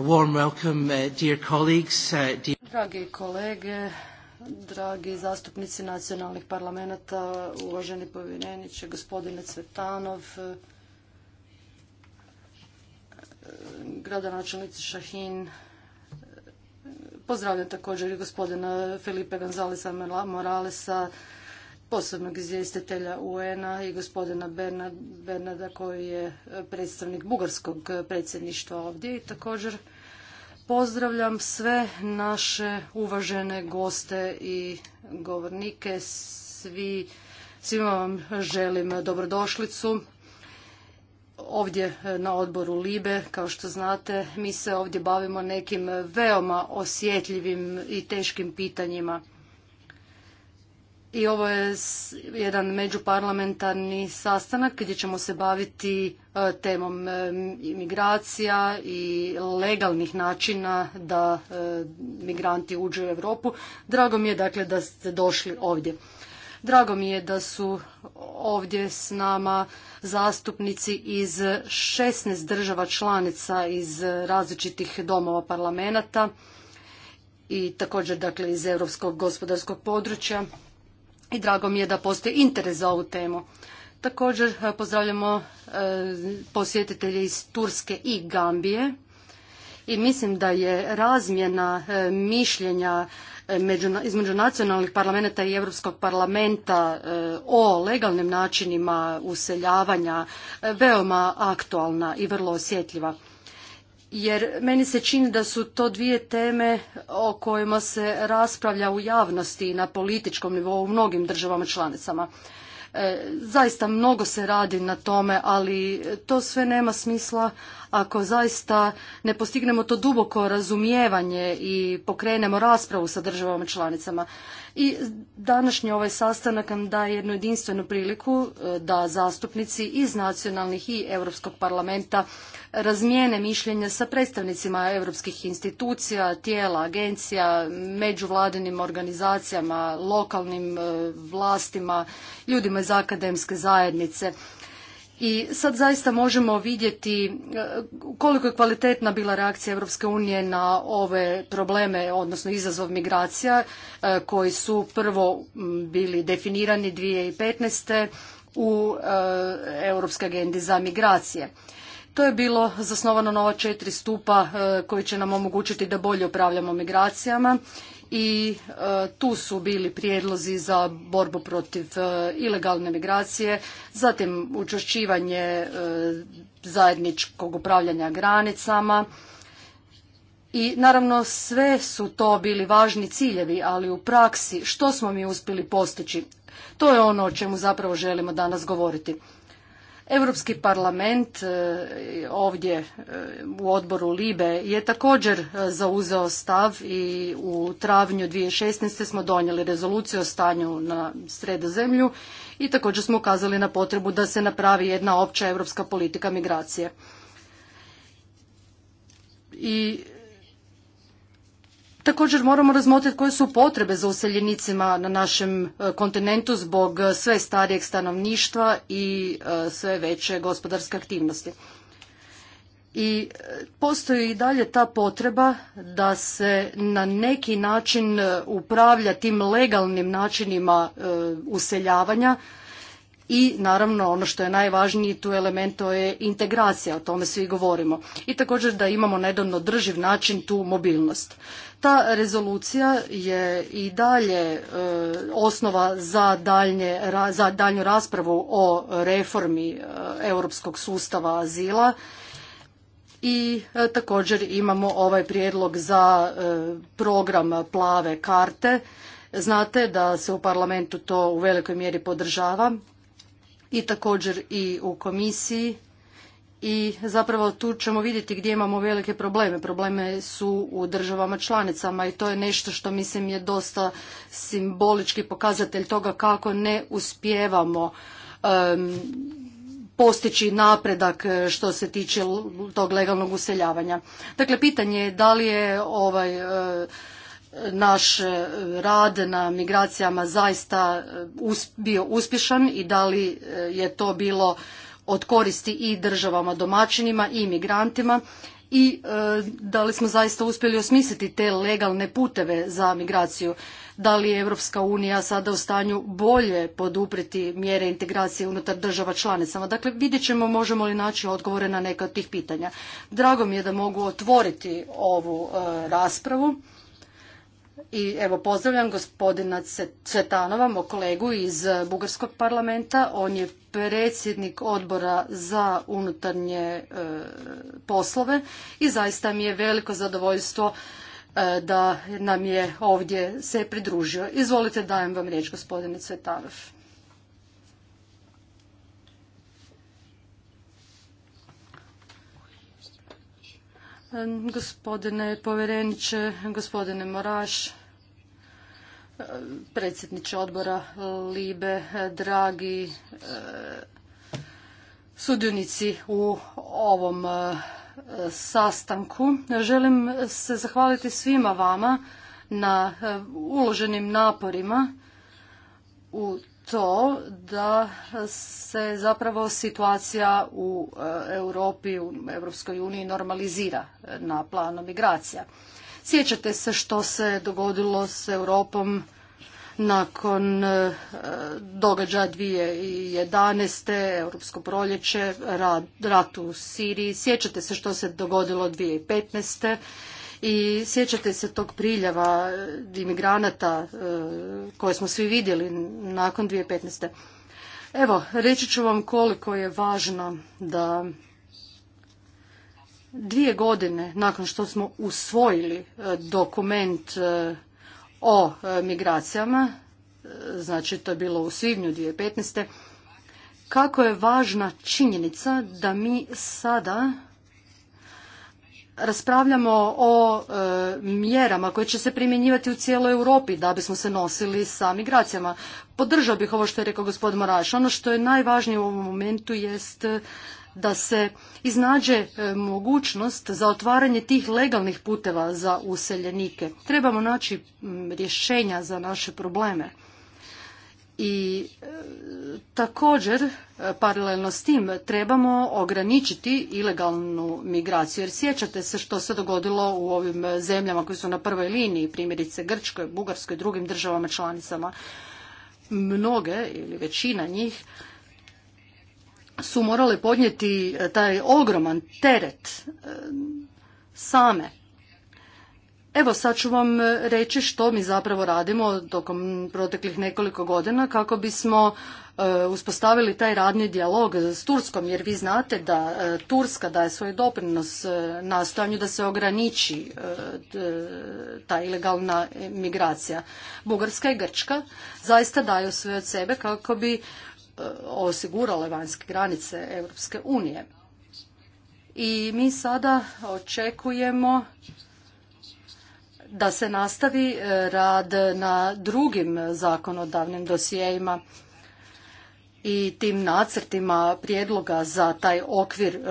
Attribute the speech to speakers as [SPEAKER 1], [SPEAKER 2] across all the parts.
[SPEAKER 1] Uh, uh,
[SPEAKER 2] dragi kolege, dragi zastupnici nacionalnih parlamenta, uvaženi povjereniče, gospodine Cvetanov, eh, gradonačelnici Šahin, eh, Pozdravljam također i gospodina Felipe Gonzalesa Moralesa, posebnog izvjestitelja UN-a i gospodina Bernarda koji je eh, predstavnik bugarskog predsjedništva ovdje i također Pozdravljam sve naše uvažene goste i govornike. Svi, svima vam želim dobrodošlicu. Ovdje e, na odboru LIBE, kao što znate, mi se ovdje bavimo nekim veoma osjetljivim i teškim pitanjima i ovo je jedan međuparlamentarni sastanak gdje ćemo se baviti e, temom e, imigracija i legalnih načina da e, migranti uđu u Europu. Drago mi je dakle da ste došli ovdje. Drago mi je da su ovdje s nama zastupnici iz 16 država članica iz različitih domova parlamenata i također dakle iz Europskog gospodarskog područja i drago mi je da postoji interes za ovu temu. Također e, pozdravljamo e, posjetitelje iz Turske i Gambije i mislim da je razmjena e, mišljenja između nacionalnih parlamenta i Europskog parlamenta o legalnim načinima useljavanja veoma aktualna i vrlo osjetljiva jer meni se čini da su to dvije teme o kojima se raspravlja u javnosti i na političkom nivou u mnogim državama članicama. E, zaista mnogo se radi na tome, ali to sve nema smisla ako zaista ne postignemo to duboko razumijevanje i pokrenemo raspravu sa državama članicama i današnji ovaj sastanak nam daje jednu jedinstvenu priliku e, da zastupnici iz nacionalnih i Europskog parlamenta razmijene mišljenja sa predstavnicima europskih institucija, tijela, agencija, međuvladinim organizacijama, lokalnim e, vlastima, ljudima iz akademske zajednice i sad zaista možemo vidjeti e, koliko je kvalitetna bila reakcija Europske unije na ove probleme, odnosno izazov migracija e, koji su prvo bili definirani 2015. u e, Europske agendi za migracije. To je bilo zasnovano na ova četiri stupa koji će nam omogućiti da bolje upravljamo migracijama i e, tu su bili prijedlozi za borbu protiv e, ilegalne migracije, zatim učvršćivanje e, zajedničkog upravljanja granicama i naravno sve su to bili važni ciljevi, ali u praksi što smo mi uspjeli postići? To je ono o čemu zapravo želimo danas govoriti. Europski parlament e, ovdje e, u odboru Libe je također e, zauzeo stav i u travnju 2016. smo donijeli rezoluciju o stanju na sredozemlju i također smo ukazali na potrebu da se napravi jedna opća europska politika migracije. I Također moramo razmotriti koje su potrebe za useljenicima na našem e, kontinentu zbog e, sve starijeg stanovništva i e, sve veće gospodarske aktivnosti. I postoji i dalje ta potreba da se na neki način upravlja tim legalnim načinima useljavanja i naravno ono što je najvažniji tu element to je integracija, o tome svi govorimo. I također da imamo na drživ način tu mobilnost. Ta rezolucija je i dalje e, osnova za, daljnju raspravu o reformi e, europskog sustava azila i e, također imamo ovaj prijedlog za program plave karte. Znate da se u parlamentu to u velikoj mjeri podržava i također i u komisiji i zapravo tu ćemo vidjeti gdje imamo velike probleme. Probleme su u državama članicama i to je nešto što mislim je dosta simbolički pokazatelj toga kako ne uspijevamo postići napredak e, što se tiče tog legalnog useljavanja. Dakle, pitanje je da li je ovaj e, naš e, rad na migracijama zaista e, bio uspješan i da li e, je to bilo od koristi i državama domaćinima i migrantima i da li smo zaista uspjeli osmisliti te legalne puteve za migraciju. Da li je Europska unija sada u stanju bolje podupriti mjere integracije unutar država članicama? Dakle, vidjet ćemo možemo li naći odgovore na neka od tih pitanja. Drago mi je da mogu otvoriti ovu raspravu. I evo pozdravljam gospodina Cvetanova, moj kolegu iz Bugarskog parlamenta. On je predsjednik odbora za unutarnje e, poslove i zaista mi je veliko zadovoljstvo e, da nam je ovdje se pridružio. Izvolite, dajem vam riječ gospodine Cvetanov. Gospodine povjereniče, gospodine Moraš, predsjedniče odbora Libe, dragi e, sudionici u ovom e, sastanku. Želim se zahvaliti svima vama na e, uloženim naporima u to da se zapravo situacija u Europi, u Europskoj uniji normalizira na planu migracija. Sjećate se što se dogodilo s Europom nakon e, događaja 2011. Europsko proljeće, rat u Siriji. Sjećate se što se dogodilo 2015. I sjećate se tog priljeva imigranata e, koje smo svi vidjeli nakon 2015. Evo, reći ću vam koliko je važno da Dvije godine nakon što smo usvojili e, dokument e, o e, migracijama, znači to je bilo u svibnju 2015. Kako je važna činjenica da mi sada raspravljamo o mjerama koje će se primjenjivati u cijeloj Europi da bismo se nosili sa migracijama. Podržao bih ovo što je rekao gospodin Moraš. Ono što je najvažnije u ovom momentu jest da se iznađe e, mogućnost za otvaranje tih legalnih puteva za useljenike. Trebamo naći rješenja za naše probleme. I e, također, e, paralelno s tim, trebamo ograničiti ilegalnu migraciju. Jer sjećate se što se dogodilo u ovim zemljama koje su na prvoj liniji, primjerice Grčkoj, Bugarskoj, drugim državama članicama. Mnoge ili većina njih su morale podnijeti e, taj ogroman teret e, same. Evo sad ću vam e, reći što mi zapravo radimo tokom proteklih nekoliko godina kako bismo uspostavili taj radni dijalog s Turskom jer vi znate da Turska daje svoj doprinos nastojanju da se ograniči ta ilegalna migracija. Bugarska i Grčka zaista daju sve od sebe kako bi osigurale vanjske granice Europske unije. I mi sada očekujemo da se nastavi e, rad na drugim zakonodavnim dosijejima i tim nacrtima prijedloga za taj okvir e,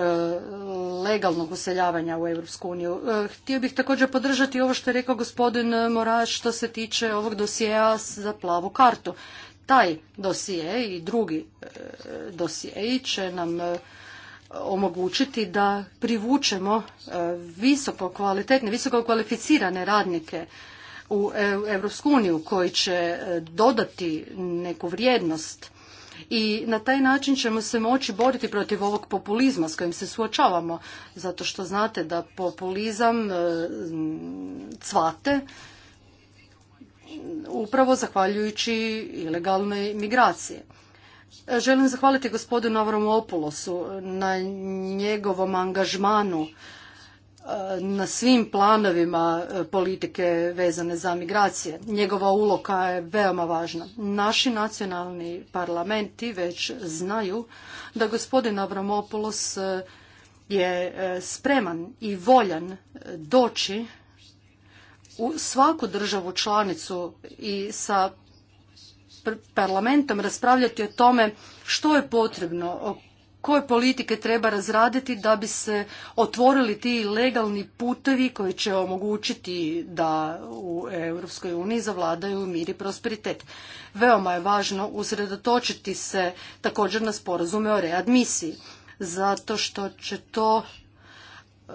[SPEAKER 2] legalnog useljavanja u Europsku uniju. E, htio bih također podržati ovo što je rekao gospodin Moraš što se tiče ovog dosijeja za plavu kartu. Taj dosije i drugi e, dosije će nam e, omogućiti da privučemo e, visoko kvalitetne, visoko kvalificirane radnike u Europsku uniju koji će dodati neku vrijednost i na taj način ćemo se moći boriti protiv ovog populizma s kojim se suočavamo zato što znate da populizam cvate upravo zahvaljujući ilegalnoj migraciji. Želim zahvaliti gospodinu Avramopulosu na njegovom angažmanu e, na svim planovima e, politike vezane za migracije. Njegova uloka je veoma važna. Naši nacionalni parlamenti već znaju da gospodin Avramopoulos e, je spreman i voljan doći u svaku državu članicu i sa parlamentom raspravljati o tome što je potrebno, koje politike treba razraditi da bi se otvorili ti legalni putevi koji će omogućiti da u Europskoj uniji zavladaju mir i prosperitet. Veoma je važno usredotočiti se također na sporazume o readmisiji, zato što će to e,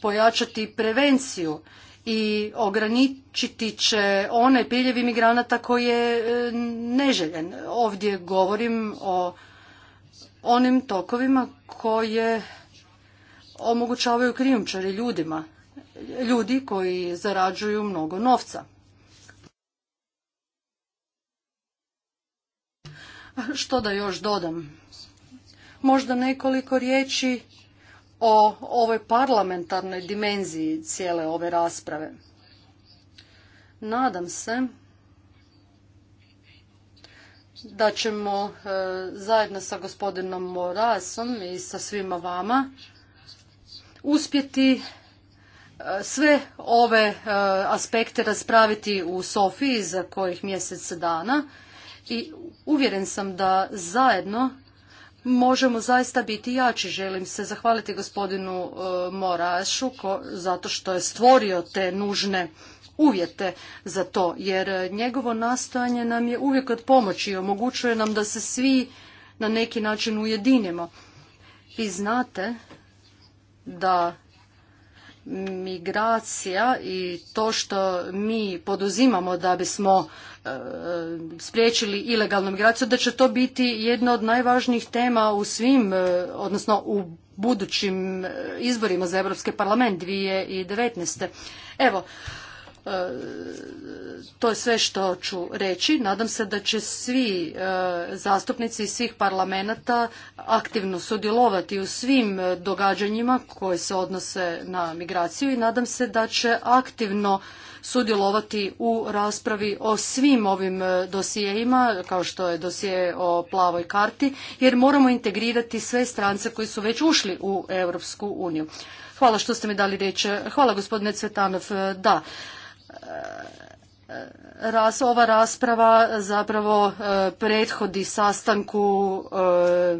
[SPEAKER 2] pojačati prevenciju i ograničiti će one priljev imigranata koji je e, neželjen. Ovdje govorim o onim tokovima koje omogućavaju krijumčari ljudima, ljudi koji zarađuju mnogo novca. Što da još dodam? Možda nekoliko riječi o ovoj parlamentarnoj dimenziji cijele ove rasprave. Nadam se da ćemo e, zajedno sa gospodinom Morasom i sa svima vama uspjeti e, sve ove e, aspekte raspraviti u Sofiji za kojih mjesec dana i uvjeren sam da zajedno možemo zaista biti jači. Želim se zahvaliti gospodinu e, Morašu zato što je stvorio te nužne uvjete za to, jer e, njegovo nastojanje nam je uvijek od pomoći i omogućuje nam da se svi na neki način ujedinimo. Vi znate da migracija i to što mi poduzimamo da bismo e, spriječili ilegalnu migraciju, da će to biti jedna od najvažnijih tema u svim, e, odnosno u budućim e, izborima za Europski parlament 2019. Evo, E, to je sve što ću reći. Nadam se da će svi e, zastupnici iz svih parlamenta aktivno sudjelovati u svim e, događanjima koje se odnose na migraciju i nadam se da će aktivno sudjelovati u raspravi o svim ovim dosijeima, kao što je dosije o plavoj karti, jer moramo integrirati sve strance koji su već ušli u Europsku uniju. Hvala što ste mi dali riječ. Hvala gospodine Cvetanov. Da, ova rasprava zapravo e, prethodi sastanku e,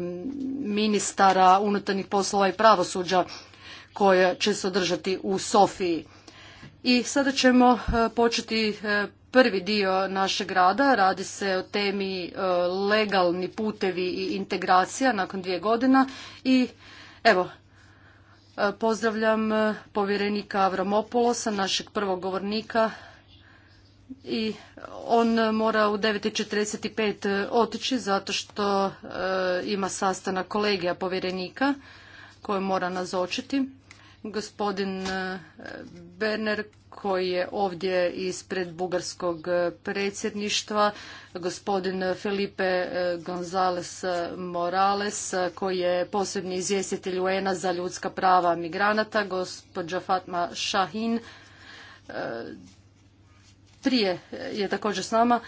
[SPEAKER 2] ministara unutarnjih poslova i pravosuđa koje će se održati u Sofiji. I sada ćemo e, početi prvi dio našeg rada. Radi se o temi legalni putevi i integracija nakon dvije godina i evo E, pozdravljam e, povjerenika Avramopolosa, našeg prvog govornika i on mora u 9.45 e, otići zato što ima sastanak kolegija povjerenika koje mora nazočiti. Gospodin Berner koji je ovdje ispred bugarskog predsjedništva, gospodin Felipe e, González Morales, koji je posebni izvjestitelj UN-a za ljudska prava migranata, gospođa Fatma Šahin, e, prije je također s nama,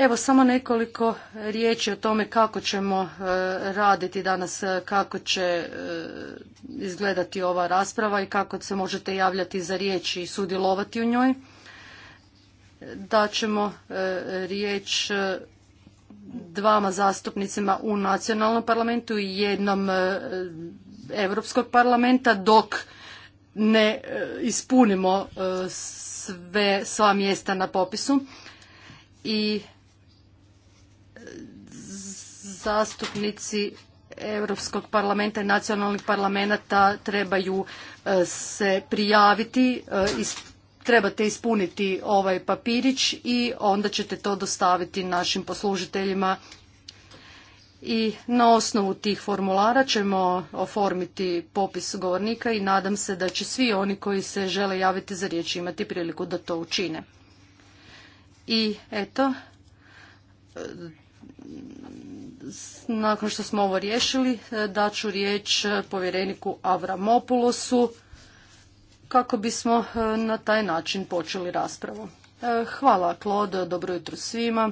[SPEAKER 2] Evo samo nekoliko riječi o tome kako ćemo e, raditi danas, e, kako će e, izgledati ova rasprava i kako se možete javljati za riječ i sudjelovati u njoj. ćemo riječ dvama zastupnicima u nacionalnom parlamentu i jednom Europskog parlamenta dok ne ispunimo sve, sva mjesta na popisu i zastupnici Europskog parlamenta i nacionalnih parlamenta trebaju e, se prijaviti, e, trebate ispuniti ovaj papirić i onda ćete to dostaviti našim poslužiteljima i na osnovu tih formulara ćemo oformiti popis govornika i nadam se da će svi oni koji se žele javiti za riječ imati priliku da to učine. I eto, nakon što smo ovo riješili, e, daću riječ e, povjereniku Avramopulosu kako bismo e, na taj način počeli raspravu. Hvala Klod, dobro jutro svima.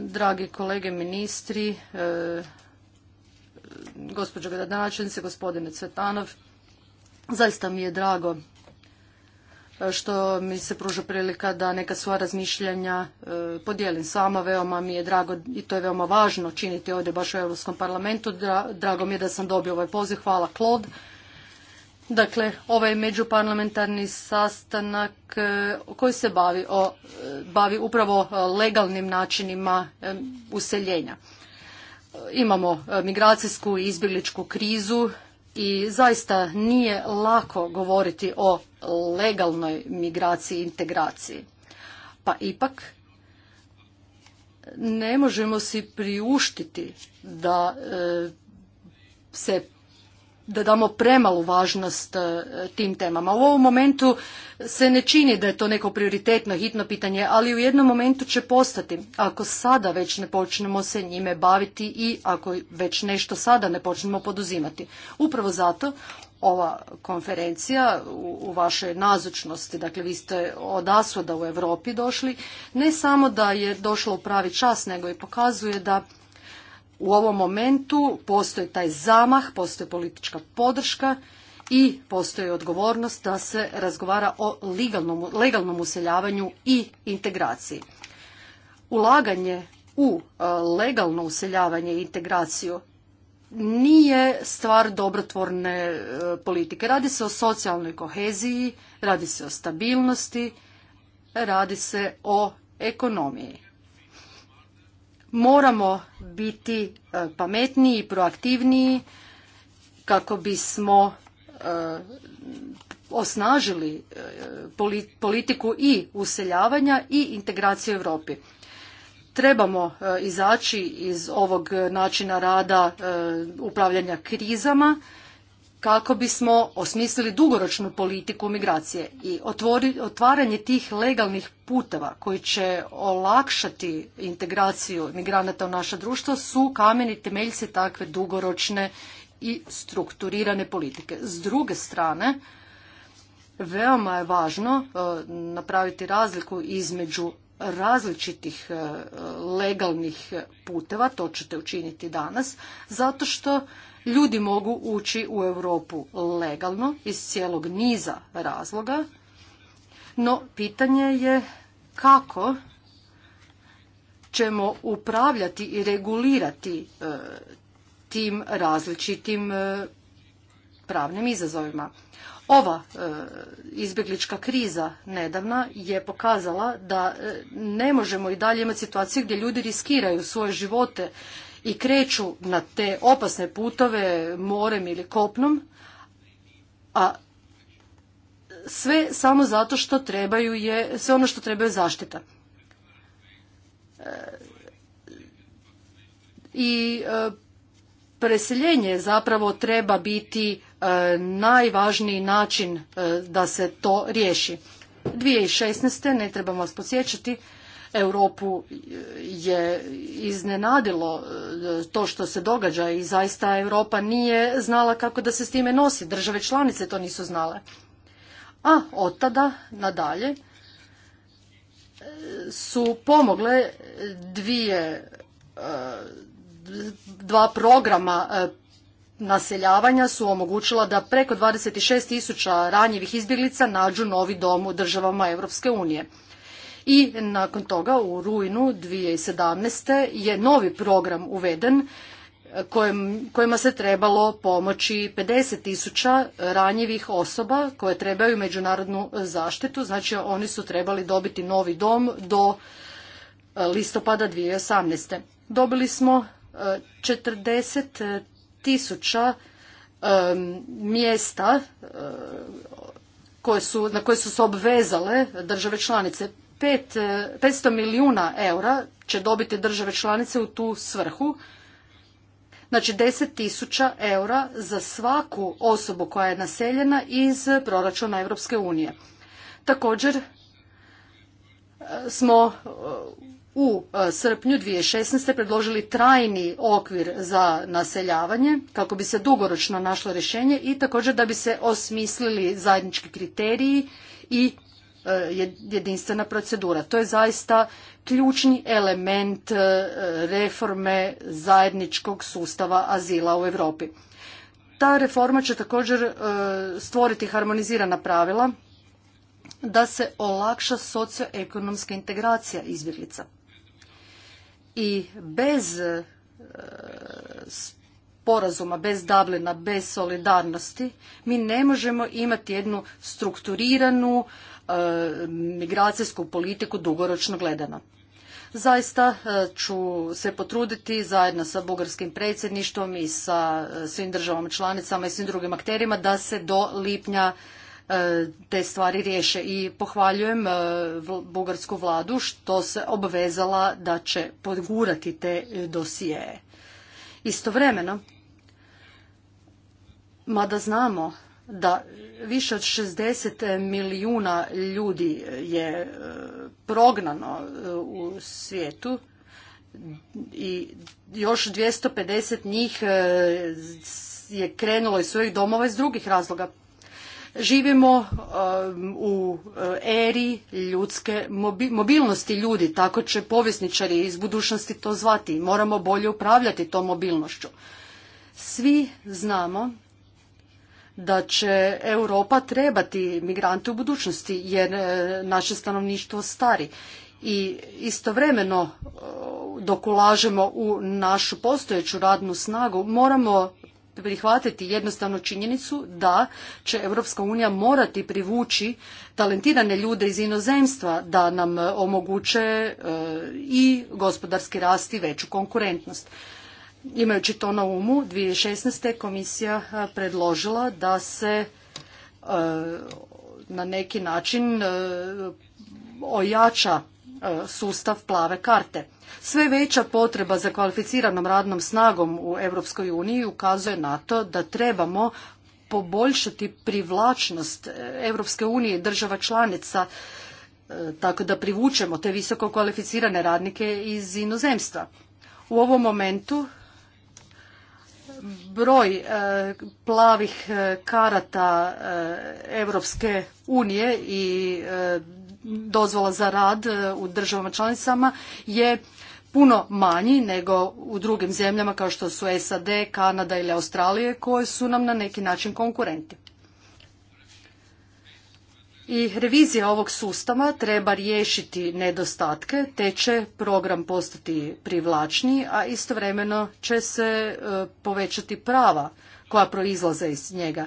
[SPEAKER 2] Dragi kolege ministri, gospođo gradonačelnice, gospodine Cvetanov, zaista mi je drago što mi se pruža prilika da neka svoja razmišljanja e, podijelim s vama. Veoma mi je drago i to je veoma važno činiti ovdje baš u Europskom parlamentu. Drago mi je da sam dobio ovaj poziv. Hvala Claude. Dakle, ovaj međuparlamentarni sastanak e, koji se bavi, o, e, bavi upravo legalnim načinima useljenja. Imamo migracijsku i izbjegličku krizu i zaista nije lako govoriti o legalnoj migraciji i integraciji. Pa ipak ne možemo si priuštiti da e, se da damo premalu važnost e, tim temama. U ovom momentu se ne čini da je to neko prioritetno, hitno pitanje, ali u jednom momentu će postati. Ako sada već ne počnemo se njime baviti i ako već nešto sada ne počnemo poduzimati. Upravo zato ova konferencija u vašoj nazočnosti, dakle vi ste od asoda u Europi došli, ne samo da je došlo u pravi čas, nego i pokazuje da u ovom momentu postoji taj zamah, postoji politička podrška i postoji odgovornost da se razgovara o legalnom, legalnom useljavanju i integraciji. Ulaganje u e, legalno useljavanje i integraciju nije stvar dobrotvorne e, politike. Radi se o socijalnoj koheziji, radi se o stabilnosti, radi se o ekonomiji. Moramo biti e, pametniji i proaktivniji kako bismo e, osnažili politiku i useljavanja i integracije u Europi trebamo e, izaći iz ovog načina rada e, upravljanja krizama kako bismo osmislili dugoročnu politiku migracije i otvaranje tih legalnih puteva koji će olakšati integraciju migranata u naše društvo su kameni temeljci takve dugoročne i strukturirane politike. S druge strane, veoma je važno e, napraviti razliku između različitih e, legalnih puteva, to ćete učiniti danas, zato što ljudi mogu ući u Europu legalno iz cijelog niza razloga, no pitanje je kako ćemo upravljati i regulirati e, tim različitim e, pravnim izazovima. Ova e, izbjeglička kriza nedavna je pokazala da e, ne možemo i dalje imati situaciju gdje ljudi riskiraju svoje živote i kreću na te opasne putove morem ili kopnom, a sve samo zato što trebaju je, sve ono što trebaju zaštita. E, I preseljenje zapravo treba biti E, najvažniji način e, da se to riješi. 2016. ne trebamo vas podsjećati, Europu je iznenadilo e, to što se događa i zaista Europa nije znala kako da se s time nosi. Države članice to nisu znale. A od tada nadalje su pomogle dvije dva programa naseljavanja su omogućila da preko 26 tisuća ranjivih izbjeglica nađu novi dom u državama Europske unije. I nakon toga u rujnu 2017. je novi program uveden kojima se trebalo pomoći 50 tisuća ranjivih osoba koje trebaju međunarodnu zaštitu. Znači oni su trebali dobiti novi dom do e, listopada 2018. Dobili smo 40 e, tisuća mjesta na koje su se obvezale države članice. 500 e, milijuna eura će dobiti države članice u tu svrhu. Znači 10 tisuća eura za svaku osobu koja je naseljena iz proračuna Europske unije. Također e, smo u e, srpnju 2016. predložili trajni okvir za naseljavanje kako bi se dugoročno našlo rješenje i također da bi se osmislili zajednički kriteriji i e, jedinstvena procedura. To je zaista ključni element e, reforme zajedničkog sustava azila u Europi. Ta reforma će također stvoriti harmonizirana pravila da se olakša socioekonomska integracija izbjeglica i bez e, sporazuma, bez Dublina, bez solidarnosti, mi ne možemo imati jednu strukturiranu e, migracijsku politiku dugoročno gledano. Zaista e, ću se potruditi zajedno sa bugarskim predsjedništvom i sa svim državama članicama i svim drugim akterima da se do lipnja E, te stvari riješe i pohvaljujem e, bugarsku vladu što se obvezala da će podgurati te e, dosije. Istovremeno, mada znamo da više od 60 milijuna ljudi je prognano u svijetu i još 250 njih je krenulo iz svojih domova iz drugih razloga Živimo um, u uh, eri ljudske mobilnosti ljudi, tako će povjesničari iz budućnosti to zvati. Moramo bolje upravljati tom mobilnošću. Svi znamo da će Europa trebati migrante u budućnosti jer uh, naše stanovništvo stari i istovremeno uh, dok ulažemo u našu postojeću radnu snagu moramo prihvatiti jednostavno činjenicu da će Europska unija morati privući talentirane ljude iz inozemstva da nam e, omoguće e, i gospodarski rast i veću konkurentnost. Imajući to na umu, 2016. komisija e, predložila da se na neki način ojača E, sustav plave karte. Sve veća potreba za kvalificiranom radnom snagom u Europskoj uniji ukazuje na to da trebamo poboljšati privlačnost e, Europske unije država članica e, tako da privučemo te visoko kvalificirane radnike iz inozemstva. U ovom momentu broj plavih karata Europske unije i dozvola za rad e, u državama članicama je puno manji nego u drugim zemljama kao što su SAD, Kanada ili Australije koje su nam na neki način konkurenti. I revizija ovog sustava treba riješiti nedostatke, te će program postati privlačniji, a istovremeno će se e, povećati prava koja proizlaze iz njega.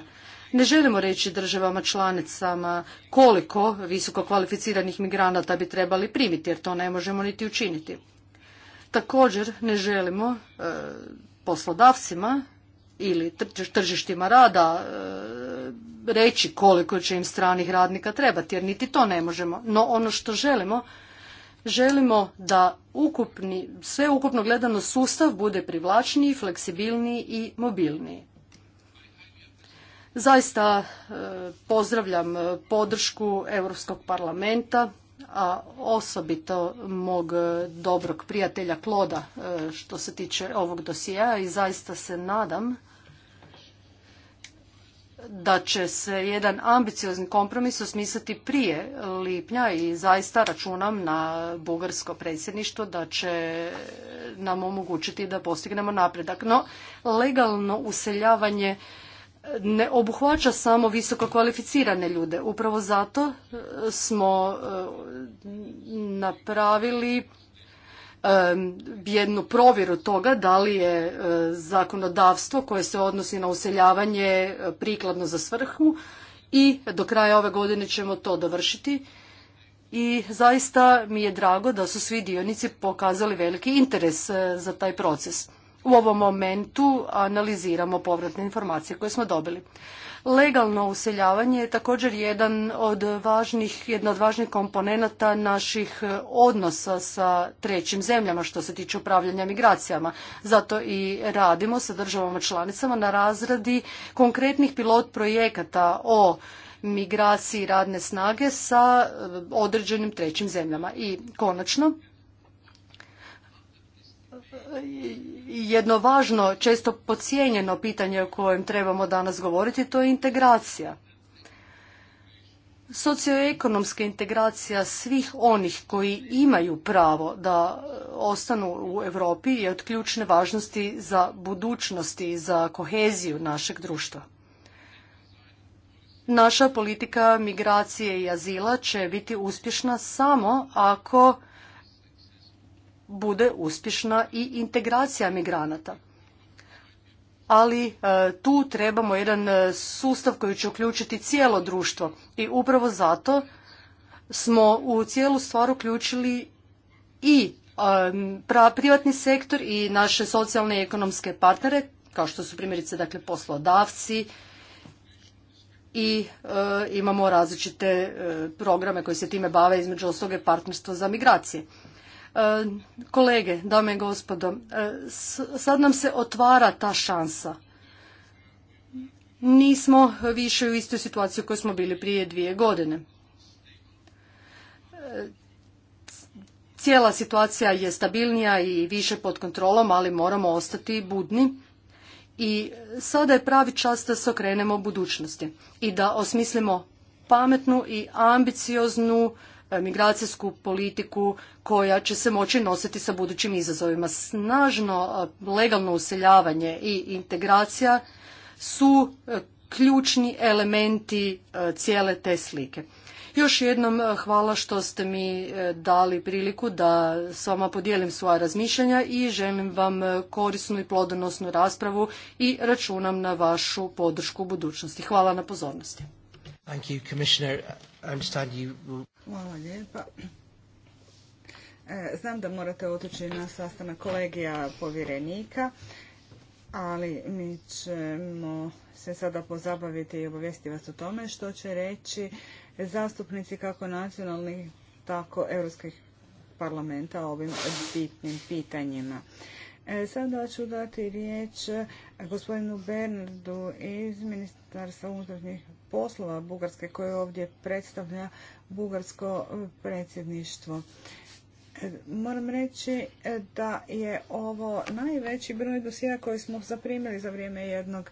[SPEAKER 2] Ne želimo reći državama članicama koliko visoko kvalificiranih migranata bi trebali primiti, jer to ne možemo niti učiniti. Također ne želimo e, poslodavcima ili tržištima rada e, reći koliko će im stranih radnika trebati, jer niti to ne možemo. No ono što želimo, želimo da ukupni, sve ukupno gledano sustav bude privlačniji, fleksibilniji i mobilniji. Zaista e, pozdravljam e, podršku Europskog parlamenta, a osobito mog e, dobrog prijatelja Kloda što se tiče ovog dosjea i zaista se nadam da će se jedan ambiciozni kompromis osmisliti prije lipnja i zaista računam na bugarsko predsjedništvo da će nam omogućiti da postignemo napredak. No, legalno useljavanje ne obuhvaća samo visoko kvalificirane ljude. Upravo zato e, smo e, napravili e, jednu provjeru toga da li je zakonodavstvo koje se odnosi na useljavanje prikladno za svrhu i do kraja ove godine ćemo to dovršiti. I zaista mi je drago da su svi dionici pokazali veliki interes za taj proces u ovom momentu analiziramo povratne informacije koje smo dobili. Legalno useljavanje je također jedan od važnih, jedna od važnih komponenata naših odnosa sa trećim zemljama što se tiče upravljanja migracijama. Zato i radimo sa državama članicama na razradi konkretnih pilot projekata o migraciji radne snage sa određenim trećim zemljama. I konačno, jedno važno, često pocijenjeno pitanje o kojem trebamo danas govoriti, to je integracija. Socioekonomska integracija svih onih koji imaju pravo da e, ostanu u Europi je od ključne važnosti za budućnost i za koheziju našeg društva. Naša politika migracije i azila će biti uspješna samo ako bude uspješna i integracija migranata. Ali e, tu trebamo jedan e, sustav koji će uključiti cijelo društvo i upravo zato smo u cijelu stvar uključili i e, privatni sektor i naše socijalne i ekonomske partnere, kao što su primjerice dakle, poslodavci i imamo različite programe koji se time bave, između ostalog partnerstvo za migracije. E, kolege, dame i gospodo, e, sad nam se otvara ta šansa. Nismo više u istoj situaciji u kojoj smo bili prije dvije godine. E, cijela situacija je stabilnija i više pod kontrolom, ali moramo ostati budni. I sada je pravi čas da se okrenemo budućnosti i da osmislimo pametnu i ambicioznu E, migracijsku politiku koja će se moći nositi sa budućim izazovima. Snažno e, legalno useljavanje i integracija su e, ključni elementi cijele te slike. Još jednom hvala što ste mi dali priliku da s vama podijelim svoja razmišljanja i želim vam korisnu i plodonosnu raspravu i računam na vašu podršku u budućnosti. Hvala na pozornosti.
[SPEAKER 1] Hvala lijepa. E, znam da morate otići na sastanak kolegija povjerenika, ali mi ćemo se sada pozabaviti i obavijesti vas o tome što će reći zastupnici kako nacionalnih, tako europskih parlamenta o ovim bitnim pitanjima. E, sada ću dati riječ gospodinu Bernardu iz Ministarstva unutarnjih poslova Bugarske koje ovdje predstavlja bugarsko e, predsjedništvo. E, moram reći e, da je ovo najveći broj dosjea koji smo zaprimili za vrijeme jednog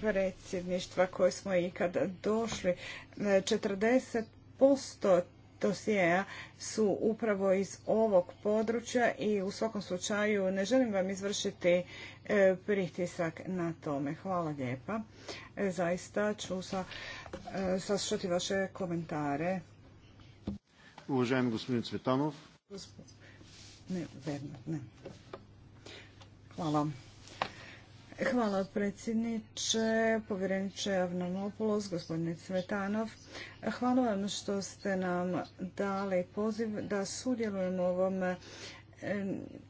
[SPEAKER 1] predsjedništva koje smo ikad došli. 40% dosijeja su upravo iz ovog područja i u svakom slučaju ne želim vam izvršiti E, pritisak na tome. Hvala lijepa. E, zaista ću sa, e, saslušati vaše komentare. Uvažajem gospodin Cvetanov. Ne, ne. Hvala. Hvala predsjedniče, povjereniče Avnamopoulos, gospodine Cvetanov. Hvala vam što ste nam dali poziv da sudjelujemo u ovom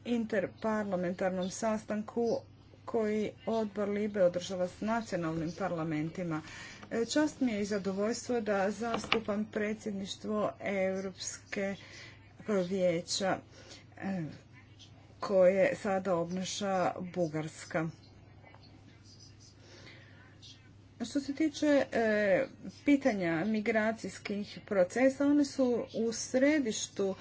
[SPEAKER 1] interparlamentarnom sastanku koji odbor Libe održava s nacionalnim parlamentima. E, čast mi je i zadovoljstvo da zastupam predsjedništvo Europske vijeća e, koje sada obnaša Bugarska. Što se tiče e, pitanja migracijskih procesa, one su u središtu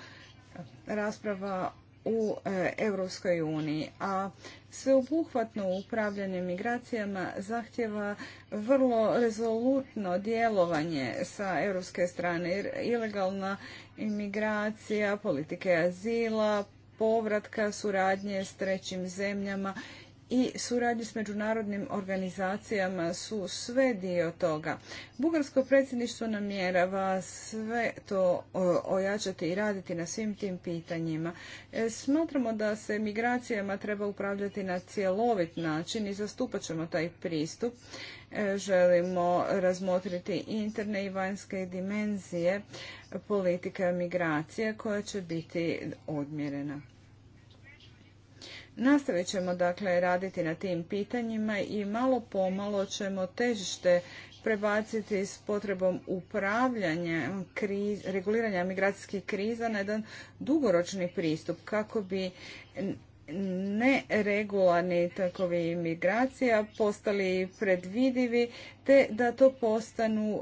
[SPEAKER 1] rasprava u e, Europskoj uniji, a sveobuhvatno upravljanje migracijama zahtjeva vrlo rezolutno djelovanje sa europske strane ilegalna imigracija, politike azila, povratka, suradnje s trećim zemljama i suradnje s međunarodnim organizacijama su sve dio toga. Bugarsko predsjedništvo namjerava sve to ojačati i raditi na svim tim pitanjima. E, smatramo da se migracijama treba upravljati na cjelovit način i zastupat ćemo taj pristup. E, želimo razmotriti interne i vanjske dimenzije politike migracije koja će biti odmjerena. Nastavit ćemo dakle raditi na tim pitanjima i malo pomalo ćemo težište prebaciti s potrebom upravljanja reguliranja migracijskih kriza na jedan dugoročni pristup kako bi neregularni takovi migracija postali predvidivi te da to postanu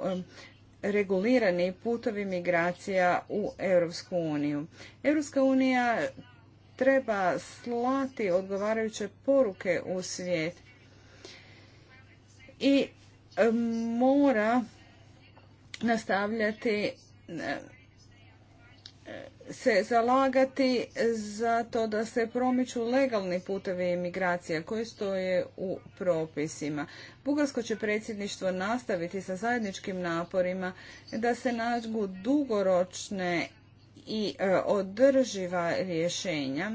[SPEAKER 1] regulirani putovi migracija u Europsku uniju. Europska unija treba slati odgovarajuće poruke u svijet i e, mora nastavljati e, se zalagati za to da se promiču legalni putevi imigracija koji stoje u propisima. Bugarsko će predsjedništvo nastaviti sa zajedničkim naporima da se nađu dugoročne i e, održiva rješenja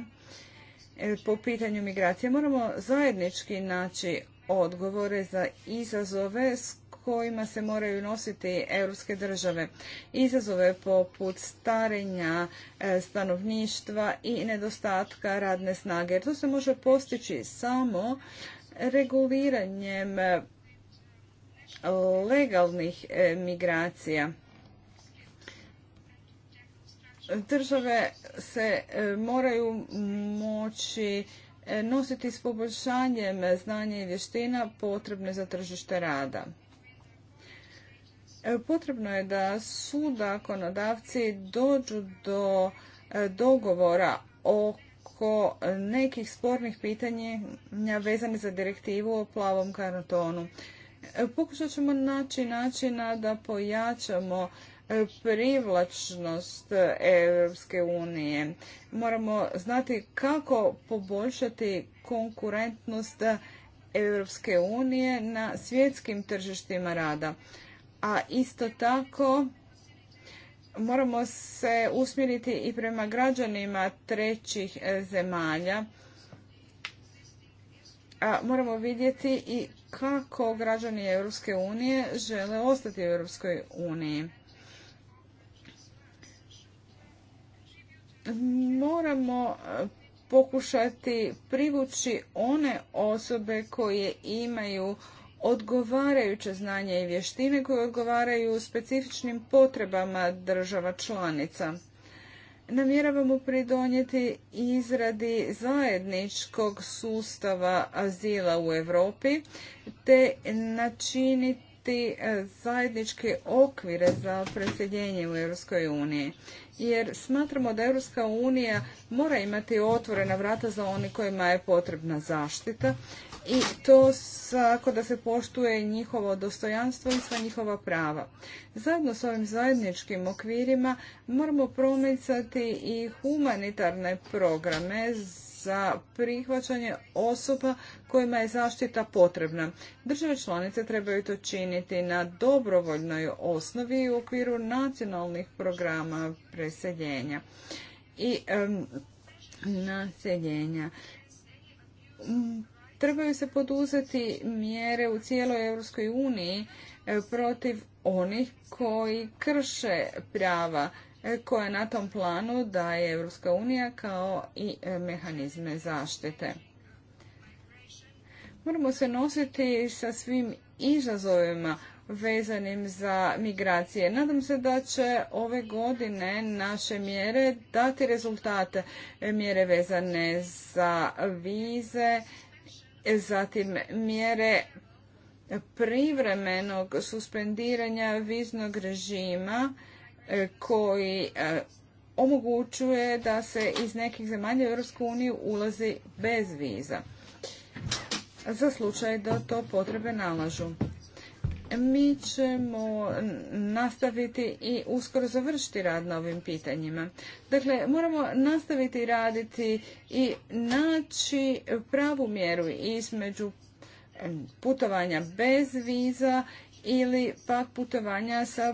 [SPEAKER 1] e, po pitanju migracije. Moramo zajednički naći odgovore za izazove s kojima se moraju nositi europske države. Izazove poput starenja e, stanovništva i nedostatka radne snage. to se može postići samo reguliranjem legalnih migracija države se e, moraju moći e, nositi s poboljšanjem znanja i vještina potrebne za tržište rada. E, potrebno je da sudakonodavci dođu do dogovora oko nekih spornih pitanja vezanih za direktivu o plavom kartonu. Pokušat ćemo naći načina da pojačamo privlačnost Europske unije. Moramo znati kako poboljšati konkurentnost Europske unije na svjetskim tržištima rada. A isto tako moramo se usmjeriti i prema građanima trećih zemalja. A moramo vidjeti i kako građani Europske unije žele ostati u Europskoj uniji. moramo e, pokušati privući one osobe koje imaju odgovarajuće znanje i vještine koje odgovaraju specifičnim potrebama država članica. Namjeravamo pridonijeti izradi zajedničkog sustava azila u Europi te načiniti e, zajedničke okvire za preseljenje u Europskoj uniji jer smatramo da Europska unija mora imati otvorena vrata za oni kojima je potrebna zaštita i to svako da se poštuje njihovo dostojanstvo i sva njihova prava. Zajedno s ovim zajedničkim okvirima moramo promicati i humanitarne programe za prihvaćanje osoba kojima je zaštita potrebna. Države članice trebaju to činiti na dobrovoljnoj osnovi u okviru nacionalnih programa preseljenja i naseljenja. Trebaju se poduzeti mjere u cijeloj Europskoj uniji protiv onih koji krše prava koja na tom planu daje Europska unija kao i e, mehanizme zaštite. Moramo se nositi sa svim izazovima vezanim za migracije. Nadam se da će ove godine naše mjere dati rezultate. E, mjere vezane za vize, zatim mjere privremenog suspendiranja viznog režima E, koji e, omogućuje da se iz nekih zemalja Europsku uniju ulazi bez viza za slučaj da to potrebe nalažu. Mi ćemo nastaviti i uskoro završiti rad na ovim pitanjima. Dakle, moramo nastaviti raditi i naći pravu mjeru između putovanja bez viza ili pak putovanja sa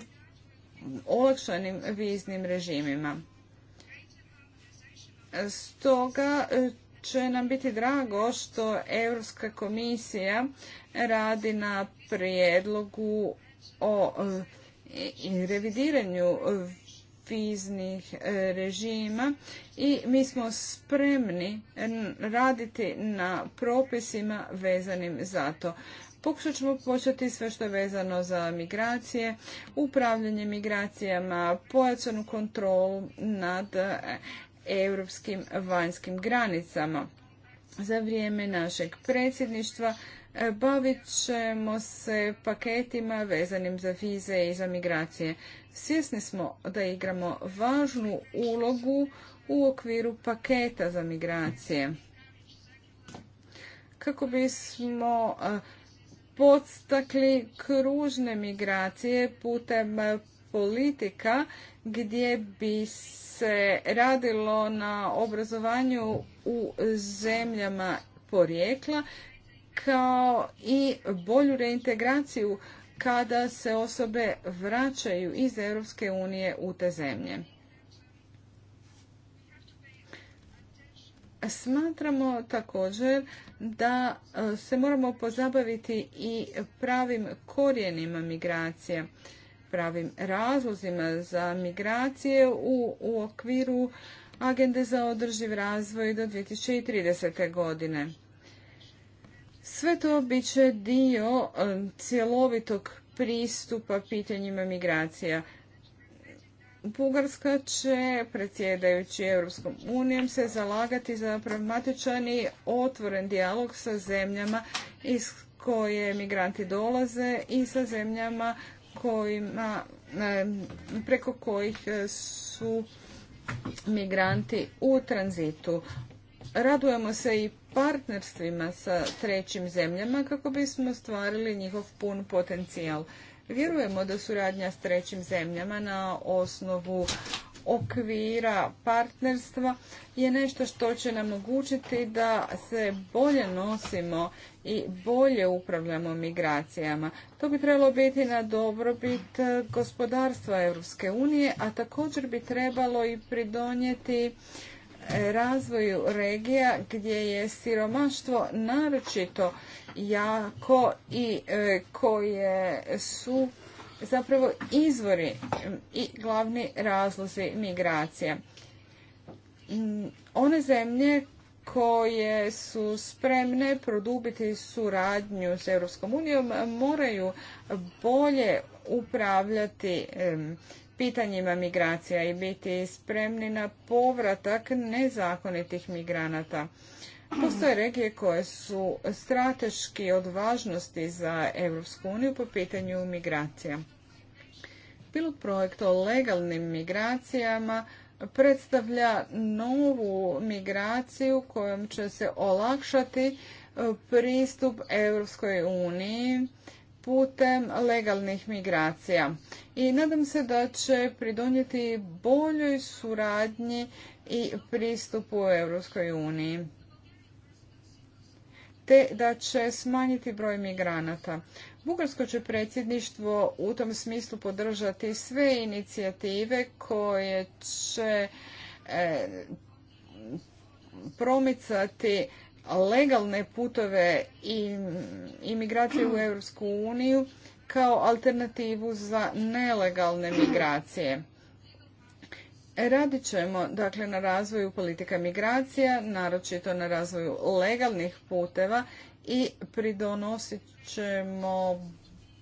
[SPEAKER 1] olakšanim viznim režimima. Stoga e, će nam biti drago što Europska komisija radi na prijedlogu o e, revidiranju viznih e, režima i mi smo spremni raditi na propisima vezanim za to. Pokušat ćemo početi sve što je vezano za migracije, upravljanje migracijama, pojačanu kontrolu nad e, europskim vanjskim granicama. Za vrijeme našeg predsjedništva e, bavit ćemo se paketima vezanim za vize i za migracije. Svjesni smo da igramo važnu ulogu u okviru paketa za migracije. Kako bismo e, podstakli kružne migracije putem politika gdje bi se radilo na obrazovanju u zemljama porijekla kao i bolju reintegraciju kada se osobe vraćaju iz Europske unije u te zemlje. Smatramo također da e, se moramo pozabaviti i pravim korijenima migracije, pravim razlozima za migracije u, u okviru Agende za održiv razvoj do 2030. godine. Sve to bit će dio e, cjelovitog pristupa pitanjima migracija. Bugarska će, predsjedajući Europskom unijom, se zalagati za pragmatičan i otvoren dijalog sa zemljama iz koje migranti dolaze i sa zemljama kojima, preko kojih e, su migranti u tranzitu. Radujemo se i partnerstvima sa trećim zemljama kako bismo stvarili njihov pun potencijal. Vjerujemo da suradnja s trećim zemljama na osnovu okvira partnerstva je nešto što će nam omogućiti da se bolje nosimo i bolje upravljamo migracijama. To bi trebalo biti na dobrobit gospodarstva Europske unije, a također bi trebalo i pridonijeti razvoju regija gdje je siromaštvo naročito jako i e, koje su zapravo izvori i glavni razlozi migracija. Mm, one zemlje koje su spremne produbiti suradnju s EU moraju bolje upravljati pitanjima migracija i biti spremni na povratak nezakonitih migranata. Postoje regije koje su strateški od važnosti za Europsku uniju po pitanju migracija. Pilot projekt o legalnim migracijama predstavlja novu migraciju kojom će se olakšati e, pristup Europskoj uniji putem legalnih migracija. I nadam se da će pridonijeti boljoj suradnji i pristupu u Europskoj uniji te da će smanjiti broj migranata. Bugarsko će predsjedništvo u tom smislu podržati sve inicijative koje će e, promicati legalne putove i imigracije u Europsku uniju kao alternativu za nelegalne migracije. Radit ćemo dakle na razvoju politika migracija, naročito na razvoju legalnih puteva i pridonosit ćemo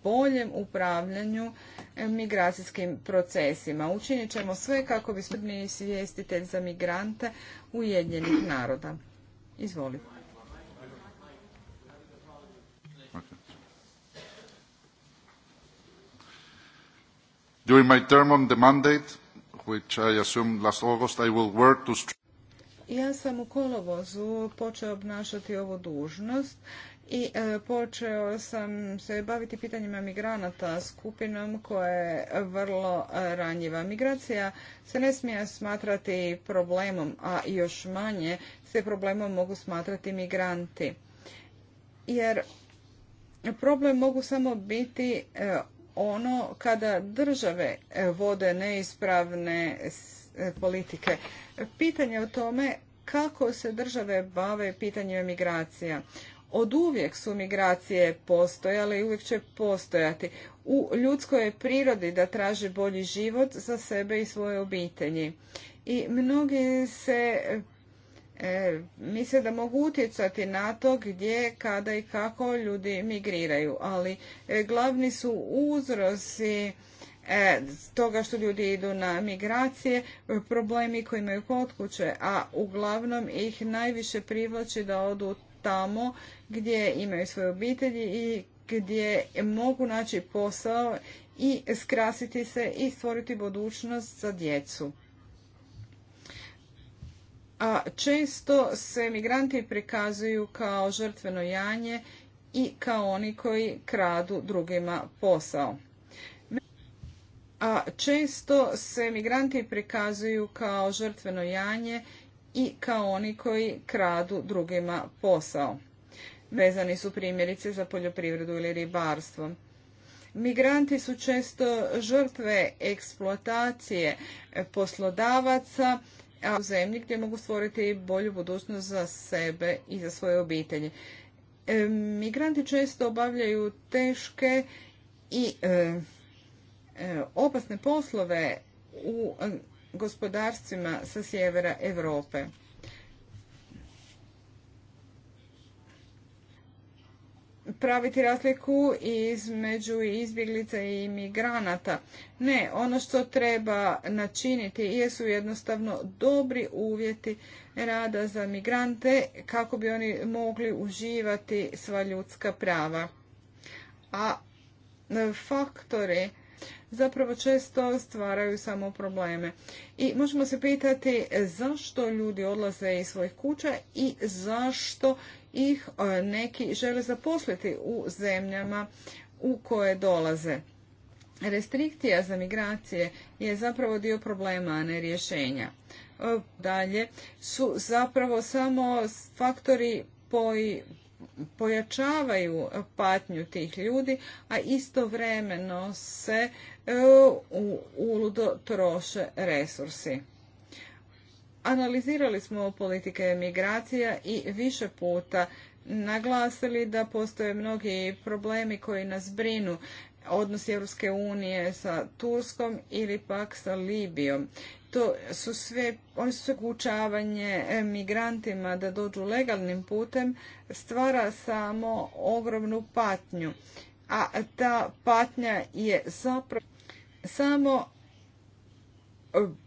[SPEAKER 1] boljem upravljanju migracijskim procesima. Učinit ćemo sve kako bi smrni svjestitelj za migrante Ujedinjenih naroda. Izvoli.
[SPEAKER 3] During my term on the mandate, which I assumed last August, I will work to...
[SPEAKER 1] Ja sam u kolovozu počeo obnašati ovu dužnost i e, počeo sam se baviti pitanjima migranata skupinom koja je vrlo e, ranjiva. Migracija se ne smije smatrati problemom, a još manje se problemom mogu smatrati migranti. Jer problem mogu samo biti e, ono kada države vode neispravne politike. Pitanje o tome kako se države bave pitanjem migracija. Od uvijek su migracije postojale i uvijek će postojati. U ljudskoj prirodi da traže bolji život za sebe i svoje obitelji. I mnogi se e, misle da mogu utjecati na to gdje, kada i kako ljudi migriraju. Ali e, glavni su uzrosi e, toga što ljudi idu na migracije, problemi koji imaju kod kuće, a uglavnom ih najviše privlači da odu tamo gdje imaju svoje obitelji i gdje mogu naći posao i skrasiti se i stvoriti budućnost za djecu. A često se migranti prikazuju kao žrtveno janje i kao oni koji kradu drugima posao. A često se migranti prikazuju kao žrtveno janje i kao oni koji kradu drugima posao. Vezani su primjerice za poljoprivredu ili ribarstvo. Migranti su često žrtve eksploatacije poslodavaca u zemlji gdje mogu stvoriti bolju budućnost za sebe i za svoje obitelji. E, migranti često obavljaju teške i e, e, opasne poslove u gospodarstvima sa sjevera Europe. praviti razliku između izbjeglica i imigranata. Ne, ono što treba načiniti jesu jednostavno dobri uvjeti rada za migrante kako bi oni mogli uživati sva ljudska prava. A e, faktore zapravo često stvaraju samo probleme. I možemo se pitati zašto ljudi odlaze iz svojih kuća i zašto ih e, neki žele zaposliti u zemljama u koje dolaze. Restrikcija za migracije je zapravo dio problema, a ne rješenja. E, dalje su zapravo samo faktori koji pojačavaju patnju tih ljudi, a istovremeno se uludo troše resursi. Analizirali smo politike migracija i više puta naglasili da postoje mnogi problemi koji nas brinu odnos Europske unije sa Turskom ili pak sa Libijom. To su sve, oni su e, migrantima da dođu legalnim putem stvara samo ogromnu patnju. A ta patnja je zapravo samo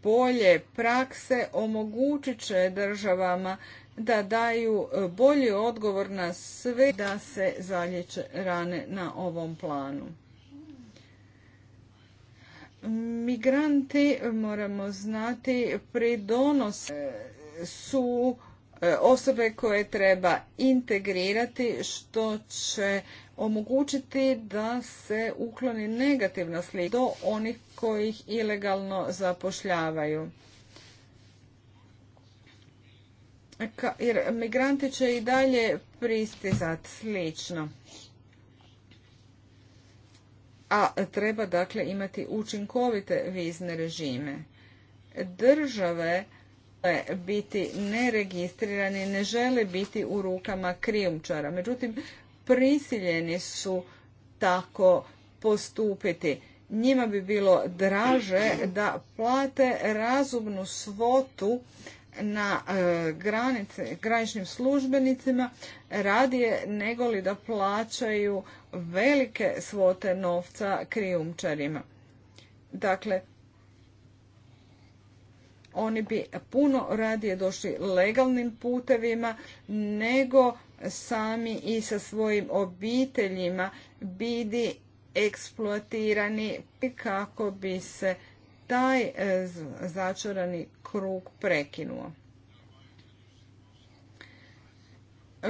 [SPEAKER 1] bolje prakse omogućit će državama da daju bolji odgovor na sve da se zalječe rane na ovom planu. Migranti, moramo znati, pridonose su e, osobe koje treba integrirati što će omogućiti da se ukloni negativna slika do onih koji ih ilegalno zapošljavaju. jer migranti će i dalje pristizati slično. A treba dakle imati učinkovite vizne režime. Države biti neregistrirani, ne žele biti u rukama krijumčara. Međutim, prisiljeni su tako postupiti. Njima bi bilo draže da plate razumnu svotu na e, granice, graničnim službenicima radije nego li da plaćaju velike svote novca krijumčarima. Dakle, oni bi puno radije došli legalnim putevima nego sami i sa svojim obiteljima bili eksploatirani kako bi se taj e, začarani krug prekinuo. E,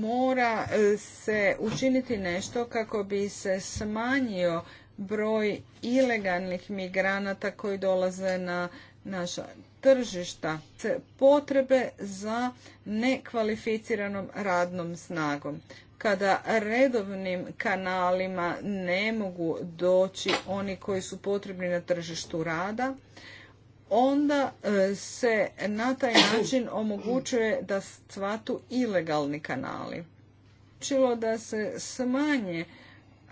[SPEAKER 1] mora e, se učiniti nešto kako bi se smanjio broj ilegalnih migranata koji dolaze na naša tržišta potrebe za nekvalificiranom radnom snagom. Kada redovnim kanalima ne mogu doći oni koji su potrebni na tržištu rada, onda e, se na taj način omogućuje da cvatu ilegalni kanali. Čilo da se smanje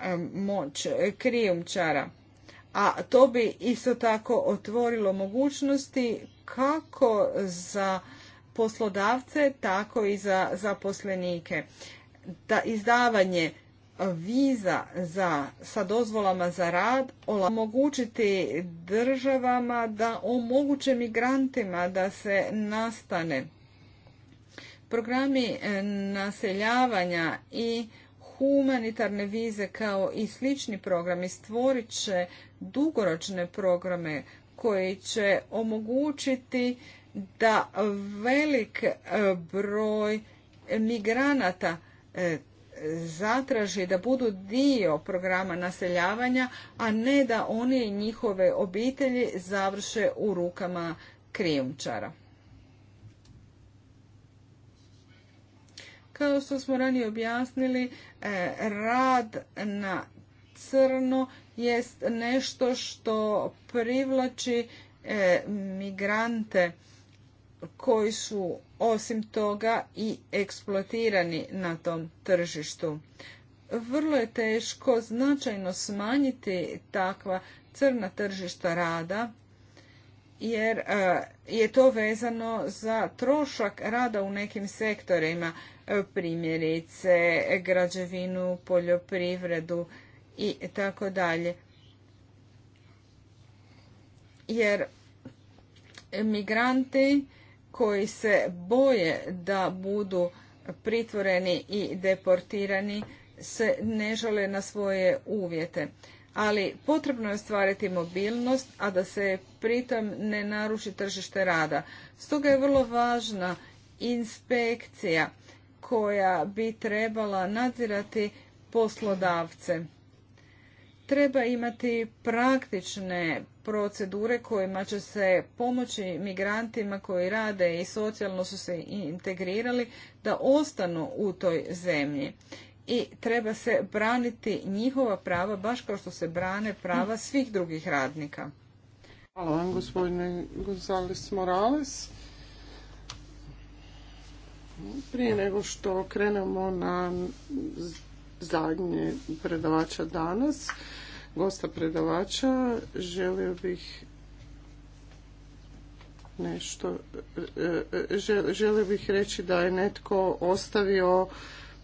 [SPEAKER 1] e, moć e, krijumčara, a to bi isto tako otvorilo mogućnosti kako za poslodavce, tako i za zaposlenike. Da izdavanje viza za, sa dozvolama za rad omogućiti državama da omoguće migrantima da se nastane. Programi e, naseljavanja i humanitarne vize kao i slični programi stvorit će dugoročne programe koji će omogućiti da velik e, broj migranata e, zatraži da budu dio programa naseljavanja, a ne da oni i njihove obitelji završe u rukama krijumčara. Kao što smo ranije objasnili, e, rad na crno jest nešto što privlači e, migrante koji su osim toga i eksploatirani na tom tržištu. Vrlo je teško značajno smanjiti takva crna tržišta rada jer e, je to vezano za trošak rada u nekim sektorima, e, primjerice građevinu, poljoprivredu, i tako dalje. Jer emigranti koji se boje da budu pritvoreni i deportirani se ne žele na svoje uvjete. Ali potrebno je stvariti mobilnost, a da se pritom ne naruši tržište rada. Stoga je vrlo važna inspekcija koja bi trebala nadzirati poslodavce treba imati praktične procedure kojima će se pomoći migrantima koji rade i socijalno su se integrirali da ostanu u toj zemlji. I treba se braniti njihova prava baš kao što se brane prava svih drugih radnika. Hvala vam
[SPEAKER 3] gospodine Gonzales Morales. Prije nego što krenemo na zadnje predavača danas, gosta predavača, želio bih nešto, e, e, želio bih reći da je netko ostavio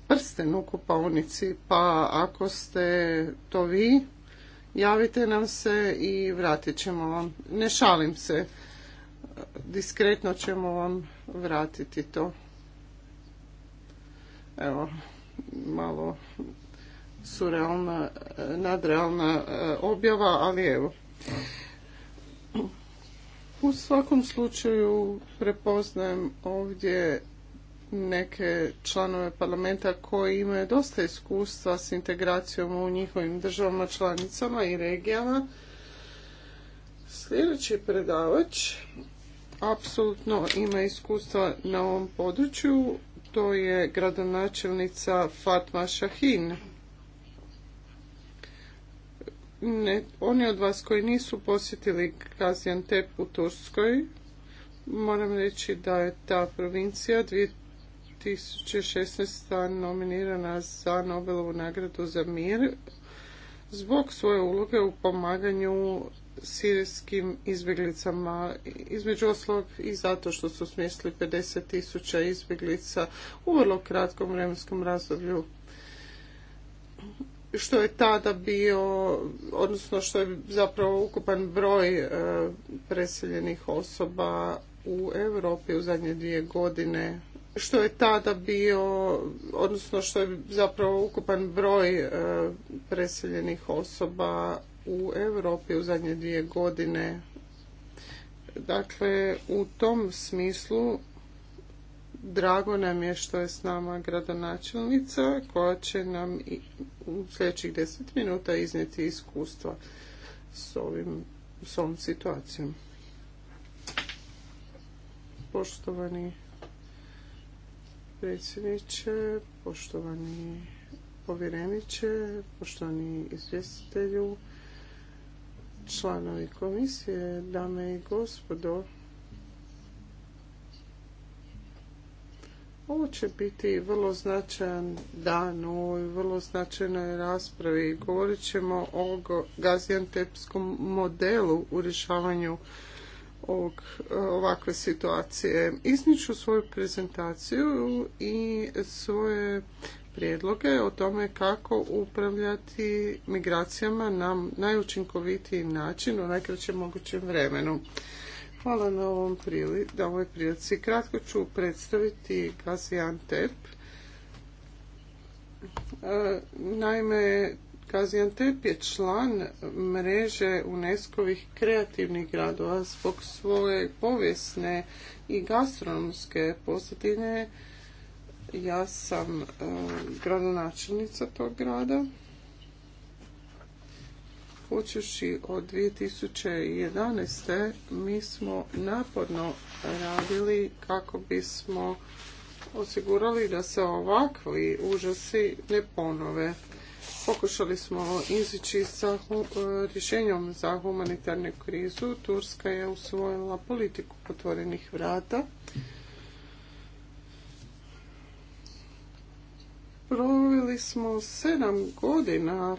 [SPEAKER 3] prsten u kupovnici. pa ako ste to vi, javite nam se i vratit ćemo vam. Ne šalim se, diskretno ćemo vam vratiti to. Evo, malo surrealna, eh, nadrealna eh, objava, ali evo. U svakom slučaju prepoznajem ovdje neke članove parlamenta koji imaju dosta iskustva s integracijom u njihovim državama, članicama i regijama. Sljedeći predavač apsolutno ima iskustva na ovom području to je gradonačelnica Fatma Šahin. Ne, oni od vas koji nisu posjetili Gaziantep u Turskoj, moram reći da je ta provincija 2016. nominirana za Nobelovu nagradu za mir zbog svoje uloge u pomaganju sirijskim izbjeglicama, između oslog i zato što su smjestili 50 tisuća izbjeglica u vrlo kratkom vremenskom razdoblju što je tada bio, odnosno što je zapravo ukupan broj e, preseljenih osoba u Europi u zadnje dvije godine, što je tada bio, odnosno što je zapravo ukupan broj e, preseljenih osoba u Europi u zadnje dvije godine. Dakle, u tom smislu drago nam je što je s nama gradonačelnica koja će nam u sljedećih deset minuta iznijeti iskustva s, ovim, s ovom situacijom. Poštovani predsjedniče, poštovani povjereniče, poštovani izvjestitelju, članovi komisije, dame i gospodo. Ovo će biti vrlo značajan dan u ovoj vrlo značajnoj raspravi. Govorit ćemo o gazijantepskom modelu u rješavanju ovakve situacije. Izniću svoju prezentaciju i svoje prijedloge o tome kako upravljati migracijama na najučinkovitiji način u najkraćem mogućem vremenu. Hvala na ovom prili, da ovoj prilici. Kratko ću predstaviti Gaziantep. E, naime, Gaziantep je član mreže unesco kreativnih gradova zbog svoje povijesne i gastronomske posjetine ja sam e, gradonačelnica tog grada. Počeši od 2011. mi smo naporno radili kako bismo osigurali da se ovakvi užasi ne ponove. Pokušali smo izići sa e, rješenjem za humanitarnu krizu. Turska je usvojila politiku potvorenih vrata Proveli smo sedam godina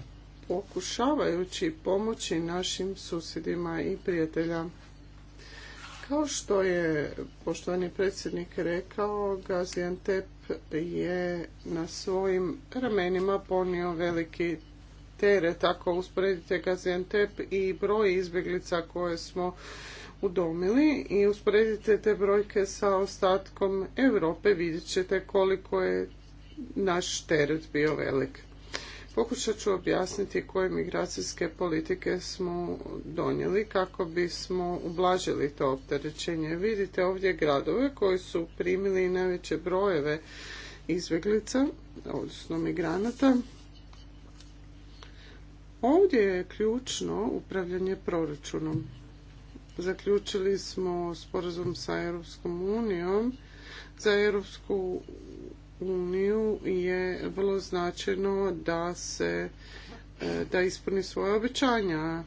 [SPEAKER 3] pokušavajući pomoći našim susjedima i prijateljama. Kao što je poštovani predsjednik rekao, Gaziantep je na svojim ramenima ponio veliki teret. Tako usporedite Gaziantep i broj izbjeglica koje smo udomili i usporedite te brojke sa ostatkom Europe, vidjet ćete koliko je naš teret bio velik. Pokušat ću objasniti koje migracijske politike smo donijeli kako bismo ublažili to opterećenje. Vidite ovdje gradove koji su primili najveće brojeve izbjeglica, odnosno migranata. Ovdje je ključno upravljanje proračunom. Zaključili smo sporazum sa Europskom unijom za Europsku uniju je vrlo značajno da se e, da ispuni svoje obećanja.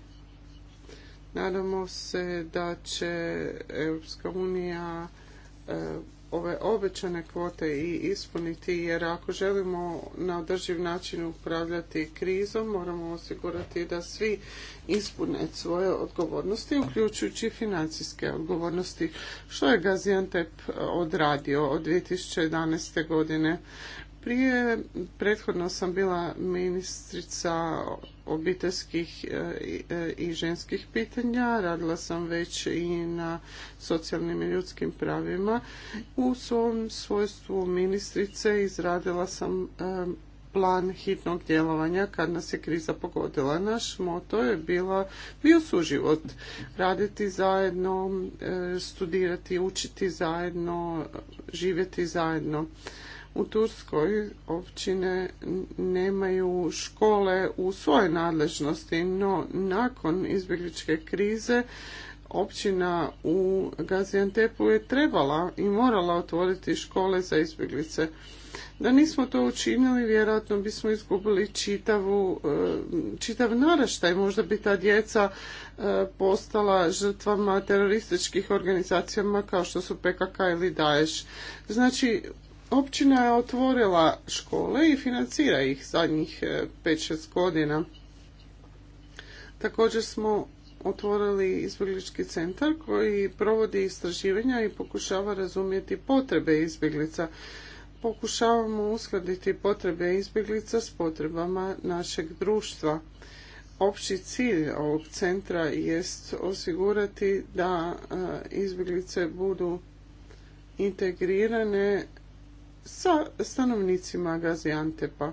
[SPEAKER 3] Nadamo se da će Europska unija e, ove obećane kvote i ispuniti jer ako želimo na održiv način upravljati krizom moramo osigurati da svi ispune svoje odgovornosti uključujući financijske odgovornosti što je Gaziantep odradio od 2011. godine prije. Prethodno sam bila ministrica obiteljskih e, e, i ženskih pitanja. Radila sam već i na socijalnim i ljudskim pravima. U svom svojstvu ministrice izradila sam e, plan hitnog djelovanja kad nas je kriza pogodila. Naš moto je bila, bio suživot, raditi zajedno, studirati, učiti zajedno, živjeti zajedno u Turskoj općine nemaju škole u svojoj nadležnosti, no nakon izbjegličke krize općina u Gaziantepu je trebala i morala otvoriti škole za izbjeglice. Da nismo to učinili, vjerojatno bismo izgubili čitavu, e, čitav naraštaj. Možda bi ta djeca e, postala žrtvama terorističkih organizacijama kao što su PKK ili Daesh. Znači, općina je otvorila škole i financira ih zadnjih 5-6 e, godina. Također smo otvorili izbjeglički centar koji provodi istraživanja i pokušava razumjeti potrebe izbjeglica. Pokušavamo uskladiti potrebe izbjeglica s potrebama našeg društva. Opći cilj ovog centra jest osigurati da e, izbjeglice budu integrirane sa stanovnicima Gaziantepa.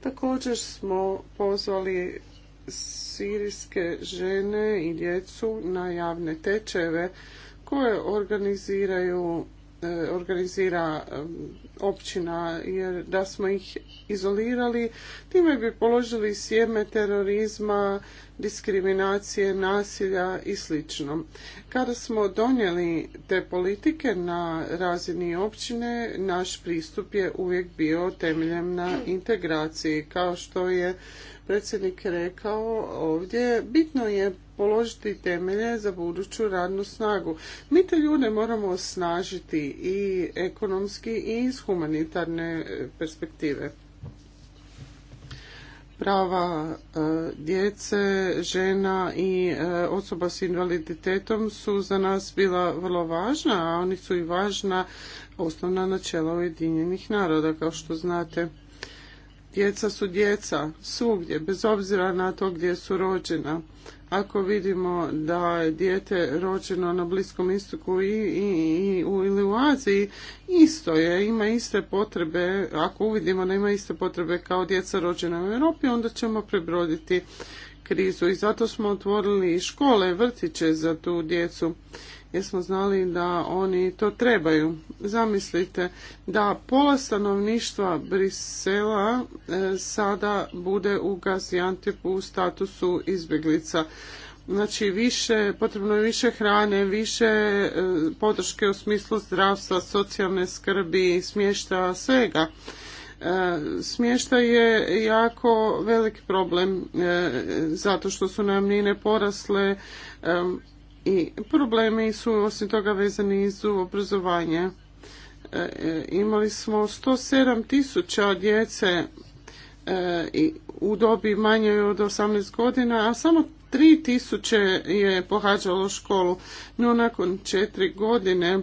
[SPEAKER 3] Također smo pozvali sirijske žene i djecu na javne tečeve koje organiziraju E, organizira e, općina jer da smo ih izolirali time bi položili sjeme terorizma, diskriminacije, nasilja i sl. Kada smo donijeli te politike na razini općine, naš pristup je uvijek bio temeljem na integraciji, kao što je predsjednik rekao ovdje, bitno je položiti temelje za buduću radnu snagu. Mi te ljude moramo osnažiti i ekonomski i iz humanitarne e, perspektive prava e, djece, žena i e, osoba s invaliditetom su za nas bila vrlo važna, a oni su i važna osnovna načela Ujedinjenih naroda, kao što znate. Djeca su djeca, svugdje, bez obzira na to gdje su rođena. Ako vidimo da je dijete rođeno na Bliskom istoku i, i, i, ili u Aziji, isto je, ima iste potrebe, ako uvidimo da ima iste potrebe kao djeca rođena u Europi, onda ćemo prebroditi krizu i zato smo otvorili i škole, vrtiće za tu djecu jer smo znali da oni to trebaju. Zamislite da pola stanovništva Brisela e, sada bude u Gaziantepu u statusu izbjeglica. Znači više, potrebno je više hrane, više e, podrške u smislu zdravstva, socijalne skrbi, smještaja, svega. E, smještaj je jako veliki problem e, zato što su najamnine porasle e, i problemi su osim toga vezani iz obrazovanja. Imali smo 107 tisuća djece u dobi manje od 18 godina, a samo tisuće je pohađalo školu. No nakon četiri godine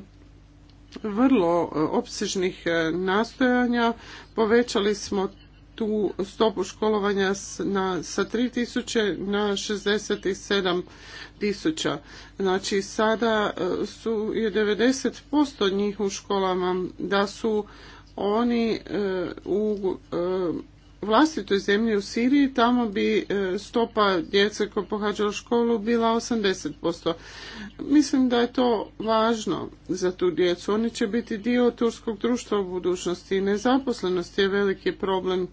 [SPEAKER 3] vrlo e, opsežnih e, nastojanja. Povećali smo tu stopu školovanja na, sa 3000 na 67 tisuća. Znači sada e, su je 90% njih u školama da su oni u vlastitoj zemlji u Siriji, tamo bi e, stopa djece koja pohađala školu bila 80%. Mislim da je to važno za tu djecu. Oni će biti dio turskog društva u budućnosti. Nezaposlenost je veliki problem. E,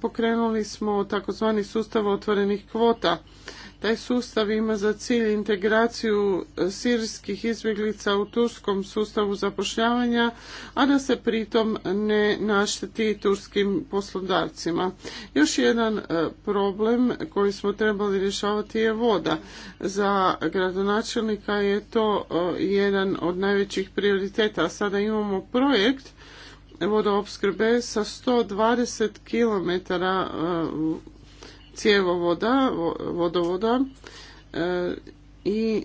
[SPEAKER 3] pokrenuli smo takozvani sustav otvorenih kvota taj sustav ima za cilj integraciju e, sirskih izbjeglica u turskom sustavu zapošljavanja, a da se pritom ne našteti turskim poslodavcima. Još jedan e, problem koji smo trebali rješavati je voda. Za gradonačelnika je to e, jedan od najvećih prioriteta. Sada imamo projekt vodoopskrbe sa 120 km cijevovoda, vodovoda e, i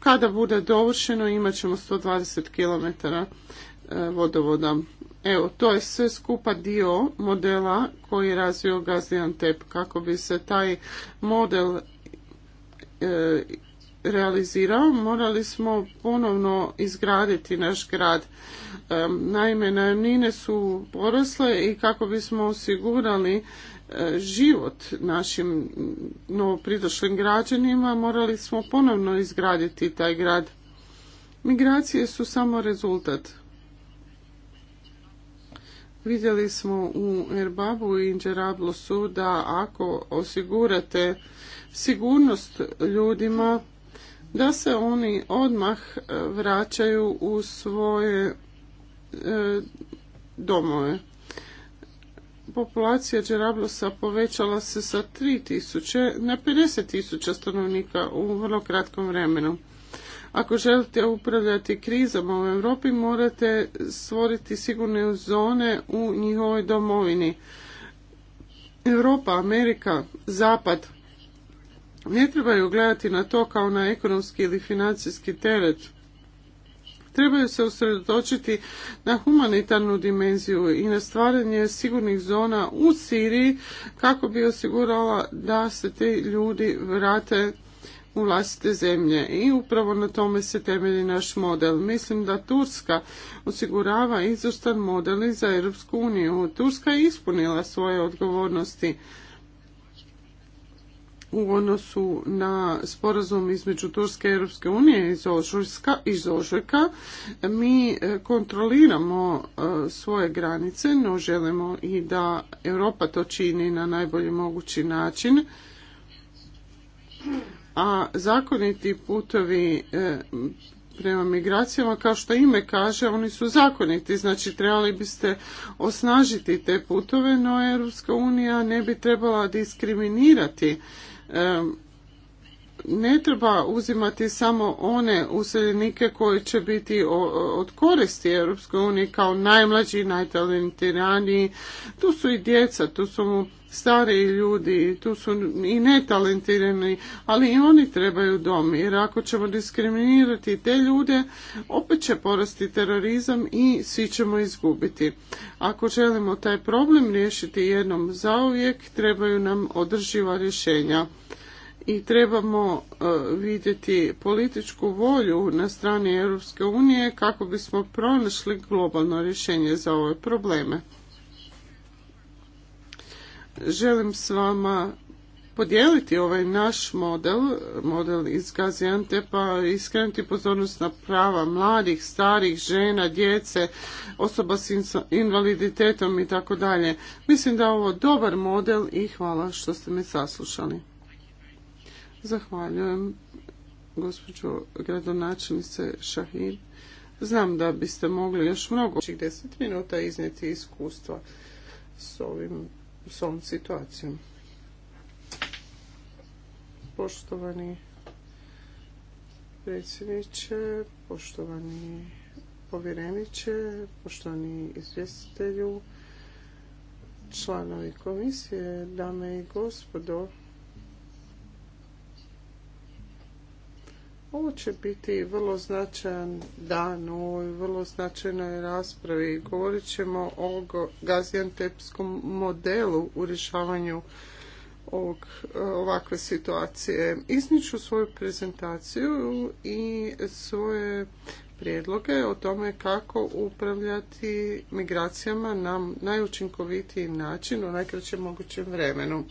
[SPEAKER 3] kada bude dovršeno imat ćemo 120 km e, vodovoda. Evo, to je sve skupa dio modela koji je razvio Gaziantep kako bi se taj model e, realizirao, morali smo ponovno izgraditi naš grad. Naime, najemnine su porasle i kako bismo osigurali E, život našim novopridošlim građanima, morali smo ponovno izgraditi taj grad. Migracije su samo rezultat. Vidjeli smo u Erbabu i Inđerablosu da ako osigurate sigurnost ljudima, da se oni odmah vraćaju u svoje e, domove populacija Džerablosa povećala se sa 3000 na 50.000 stanovnika u vrlo kratkom vremenu. Ako želite upravljati krizama u Europi, morate stvoriti sigurne zone u njihovoj domovini. Europa, Amerika, Zapad ne trebaju gledati na to kao na ekonomski ili financijski teret trebaju se usredotočiti na humanitarnu dimenziju i na stvaranje sigurnih zona u Siriji kako bi osigurala da se ti ljudi vrate u vlastite zemlje i upravo na tome se temelji naš model. Mislim da Turska osigurava izvrstan model i za Europsku uniju. Turska je ispunila svoje odgovornosti u odnosu na sporazum između Turske i Europske unije iz Ožujka, mi e, kontroliramo e, svoje granice, no želimo i da Europa to čini na najbolji mogući način. A zakoniti putovi e, prema migracijama, kao što ime kaže, oni su zakoniti, znači trebali biste osnažiti te putove, no Europska unija ne bi trebala diskriminirati ne treba uzimati samo one useljenike koji će biti od koristi Europskoj unije kao najmlađi, najtalentiraniji. Tu su i djeca, tu su stariji ljudi, tu su i netalentirani, ali i oni trebaju dom, jer ako ćemo diskriminirati te ljude, opet će porasti terorizam i svi ćemo izgubiti. Ako želimo taj problem riješiti jednom zauvijek, trebaju nam održiva rješenja i trebamo e, vidjeti političku volju na strani Europske unije kako bismo pronašli globalno rješenje za ove probleme želim s vama podijeliti ovaj naš model, model iz Gaziantepa, iskrenuti pozornost na prava mladih, starih, žena, djece, osoba s invaliditetom i tako dalje. Mislim da je ovo dobar model i hvala što ste me saslušali. Zahvaljujem gospođo gradonačelnice Šahir. Znam da biste mogli još mnogo, 10 minuta iznijeti iskustva s ovim s ovom situacijom. Poštovani predsjedniče, poštovani povjereniče, poštovani izvjestitelju, članovi komisije, dame i gospodo, Ovo će biti vrlo značajan dan u ovoj vrlo značajnoj raspravi. Govorit ćemo o gazijantepskom modelu u rješavanju ovakve situacije. Izniću svoju prezentaciju i svoje prijedloge o tome kako upravljati migracijama na najučinkovitiji način u najkraćem mogućem vremenu.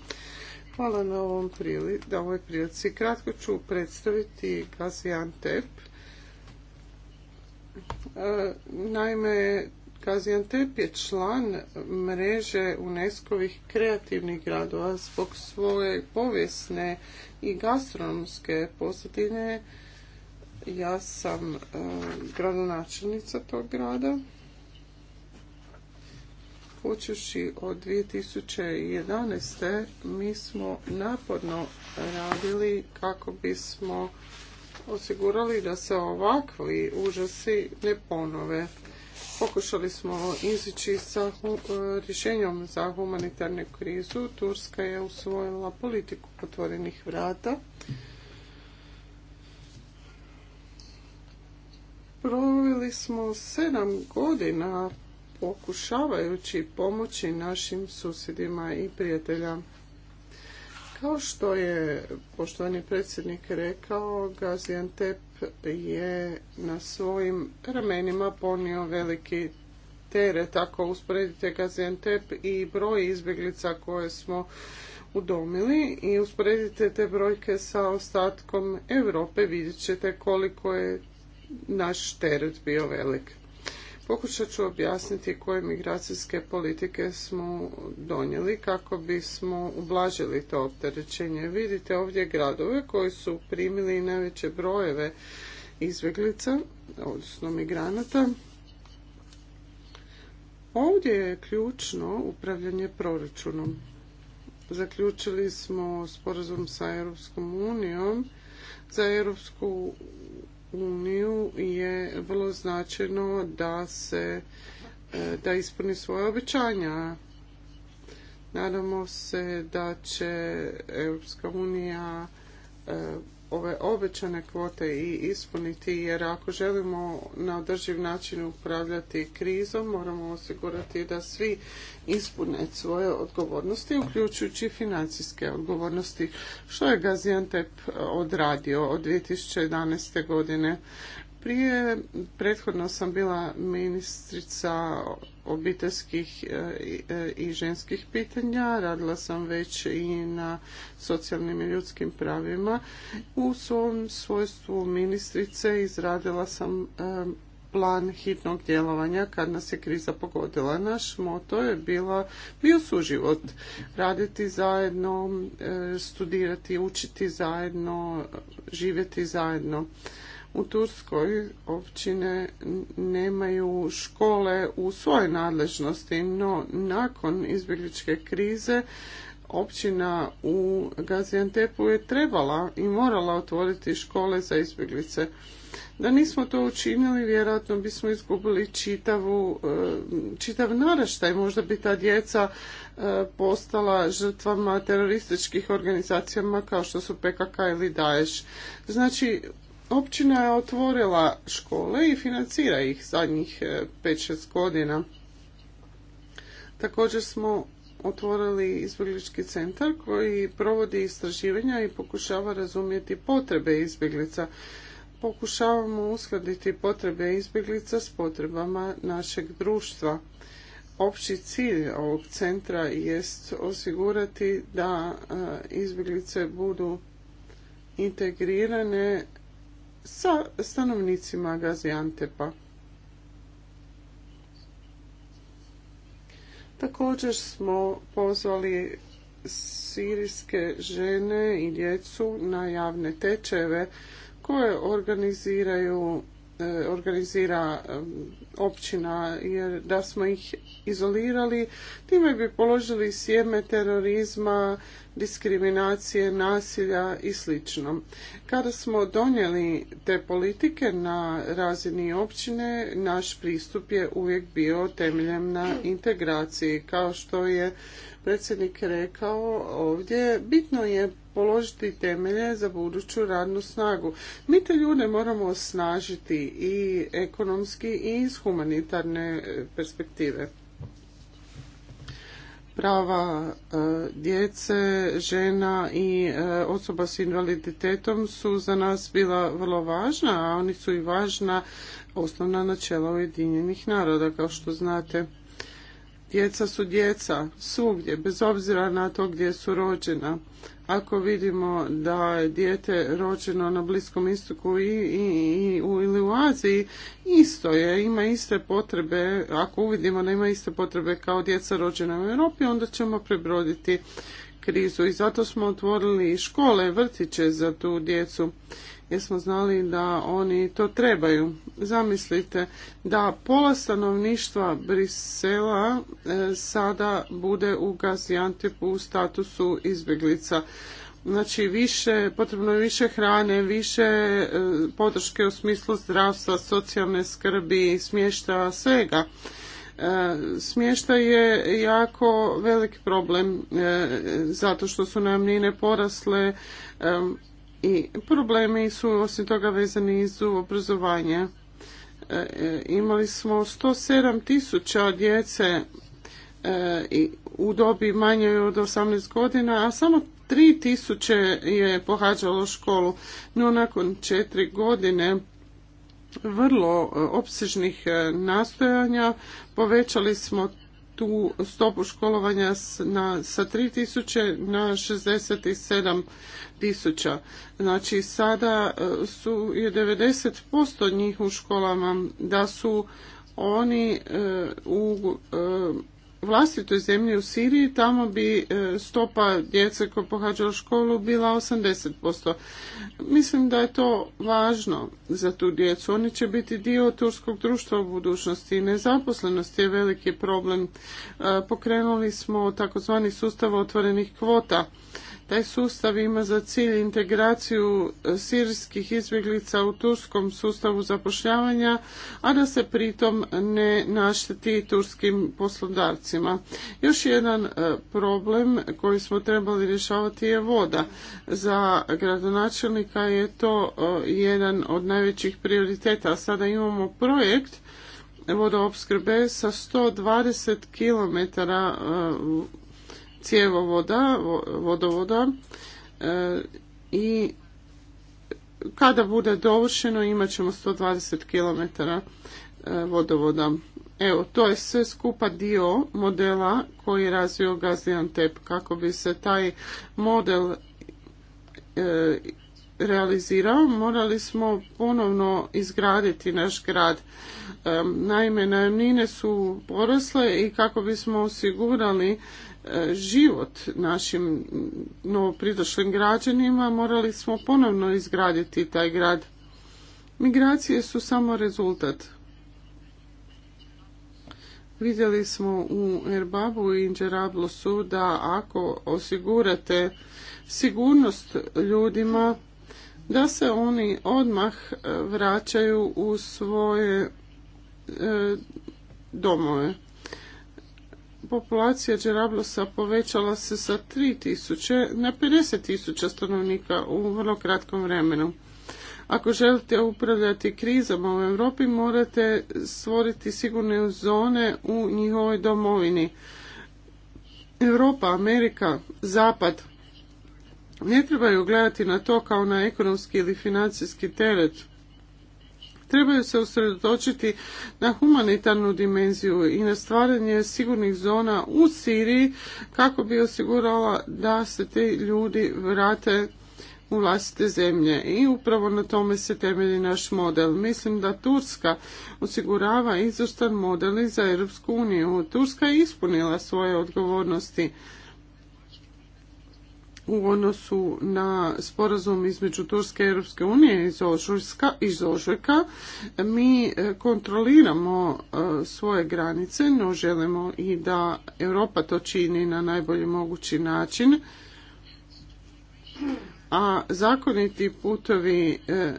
[SPEAKER 3] Hvala na ovom ovoj prilici. Kratko ću predstaviti Gaziantep. E, naime, Gaziantep je član mreže unesco kreativnih gradova zbog svoje povijesne i gastronomske posjetine Ja sam e, gradonačelnica tog grada počeši od 2011. mi smo naporno radili kako bismo osigurali da se ovakvi užasi ne ponove. Pokušali smo izići sa e, rješenjem za humanitarnu krizu. Turska je usvojila politiku otvorenih vrata. Provili smo sedam godina pokušavajući pomoći našim susjedima i prijateljama. Kao što je poštovani predsjednik rekao, Gaziantep je na svojim ramenima ponio veliki teret. Ako usporedite Gaziantep i broj izbjeglica koje smo udomili i usporedite te brojke sa ostatkom Europe, vidjet ćete koliko je naš teret bio velik. Pokušat ću objasniti koje migracijske politike smo donijeli kako bismo ublažili to opterećenje. Vidite ovdje gradove koji su primili najveće brojeve izbjeglica, odnosno migranata. Ovdje je ključno upravljanje proračunom. Zaključili smo sporazum sa Europskom unijom za Europsku uniju je vrlo značajno da se e, da ispuni svoje obećanja. Nadamo se da će Europska unija e, ove obećane kvote i ispuniti jer ako želimo na održiv način upravljati krizom moramo osigurati da svi ispune svoje odgovornosti uključujući financijske odgovornosti što je Gaziantep odradio od 2011. godine prije, prethodno sam bila ministrica obiteljskih e, e, i ženskih pitanja, radila sam već i na socijalnim i ljudskim pravima. U svom svojstvu ministrice izradila sam e, plan hitnog djelovanja kad nas je kriza pogodila. Naš moto je bila, bio suživot, raditi zajedno, studirati, učiti zajedno, živjeti zajedno u Turskoj općine nemaju škole u svojoj nadležnosti, no nakon izbjegličke krize općina u Gaziantepu je trebala i morala otvoriti škole za izbjeglice. Da nismo to učinili, vjerojatno bismo izgubili čitavu, e, čitav naraštaj. Možda bi ta djeca e, postala žrtvama terorističkih organizacijama kao što su PKK ili Daesh. Znači, općina je otvorila škole i financira ih zadnjih 5-6 e, godina. Također smo otvorili izbjeglički centar koji provodi istraživanja i pokušava razumjeti potrebe izbjeglica. Pokušavamo uskladiti potrebe izbjeglica s potrebama našeg društva. Opći cilj ovog centra jest osigurati da e, izbjeglice budu integrirane sa stanovnicima Gaziantepa. Također smo pozvali sirijske žene i djecu na javne tečeve koje organiziraju e, organizira općina jer da smo ih izolirali time bi položili sjeme terorizma diskriminacije, nasilja i sl. Kada smo donijeli te politike na razini općine, naš pristup je uvijek bio temeljem na integraciji. Kao što je predsjednik rekao ovdje, bitno je položiti temelje za buduću radnu snagu. Mi te ljude moramo osnažiti i ekonomski i iz humanitarne perspektive prava e, djece, žena i e, osoba s invaliditetom su za nas bila vrlo važna, a oni su i važna osnovna načela Ujedinjenih naroda, kao što znate. Djeca su djeca svugdje, bez obzira na to gdje su rođena. Ako vidimo da je dijete rođeno na Bliskom istoku i, i, u, ili u Aziji, isto je, ima iste potrebe, ako uvidimo da ima iste potrebe kao djeca rođena u Europi, onda ćemo prebroditi krizu i zato smo otvorili škole, vrtiće za tu djecu jer smo znali da oni to trebaju. Zamislite da pola stanovništva Brisela e, sada bude u Gaziantepu u statusu izbjeglica. Znači više, potrebno je više hrane, više e, podrške u smislu zdravstva, socijalne skrbi, smještaja, svega. E, smještaj je jako velik problem zato što su najamnine porasle, i problemi su osim toga vezani iz obrazovanja. E, e, imali smo 107 tisuća djece e, u dobi manje od 18 godina, a samo tisuće je pohađalo školu. No nakon četiri godine vrlo opsežnih nastojanja povećali smo tu stopu školovanja na, sa 3000 na 67 tisuća. Znači sada e, su je 90% njih u školama da su oni e, u e, vlastitoj zemlji u Siriji, tamo bi e, stopa djece koja pohađala školu bila 80%. Mislim da je to važno za tu djecu. Oni će biti dio turskog društva u budućnosti. Nezaposlenost je veliki problem. E, pokrenuli smo takozvani sustav otvorenih kvota taj sustav ima za cilj integraciju e, sirijskih izbjeglica u turskom sustavu zapošljavanja, a da se pritom ne našteti turskim poslodavcima. Još jedan e, problem koji smo trebali rješavati je voda. Za gradonačelnika je to e, jedan od najvećih prioriteta. Sada imamo projekt vodoopskrbe sa 120 km cjevovoda, vodovoda e, i kada bude dovršeno imat ćemo 120 km e, vodovoda. Evo, to je sve skupa dio modela koji je razvio tep kako bi se taj model e, realizirao, morali smo ponovno izgraditi naš grad. Naime, najemnine su porasle i kako bismo osigurali život našim novopridošlim građanima, morali smo ponovno izgraditi taj grad. Migracije su samo rezultat. Vidjeli smo u Erbabu i Inđerablosu da ako osigurate sigurnost ljudima, da se oni odmah e, vraćaju u svoje e, domove populacija Džerablosa povećala se sa 3000 na 50.000 stanovnika u vrlo kratkom vremenu. Ako želite upravljati krizama u Europi, morate stvoriti sigurne zone u njihovoj domovini. Europa, Amerika, Zapad ne trebaju gledati na to kao na ekonomski ili financijski teret trebaju se usredotočiti na humanitarnu dimenziju i na stvaranje sigurnih zona u Siriji kako bi osigurala da se ti ljudi vrate u vlastite zemlje i upravo na tome se temelji naš model. Mislim da Turska osigurava izvrstan model i za Europsku uniju. Turska je ispunila svoje odgovornosti u odnosu na sporazum između Turske i Europske unije iz, Ožujska, iz Ožujka. Mi e, kontroliramo e, svoje granice, no želimo i da Europa to čini na najbolji mogući način. A zakoniti putovi e,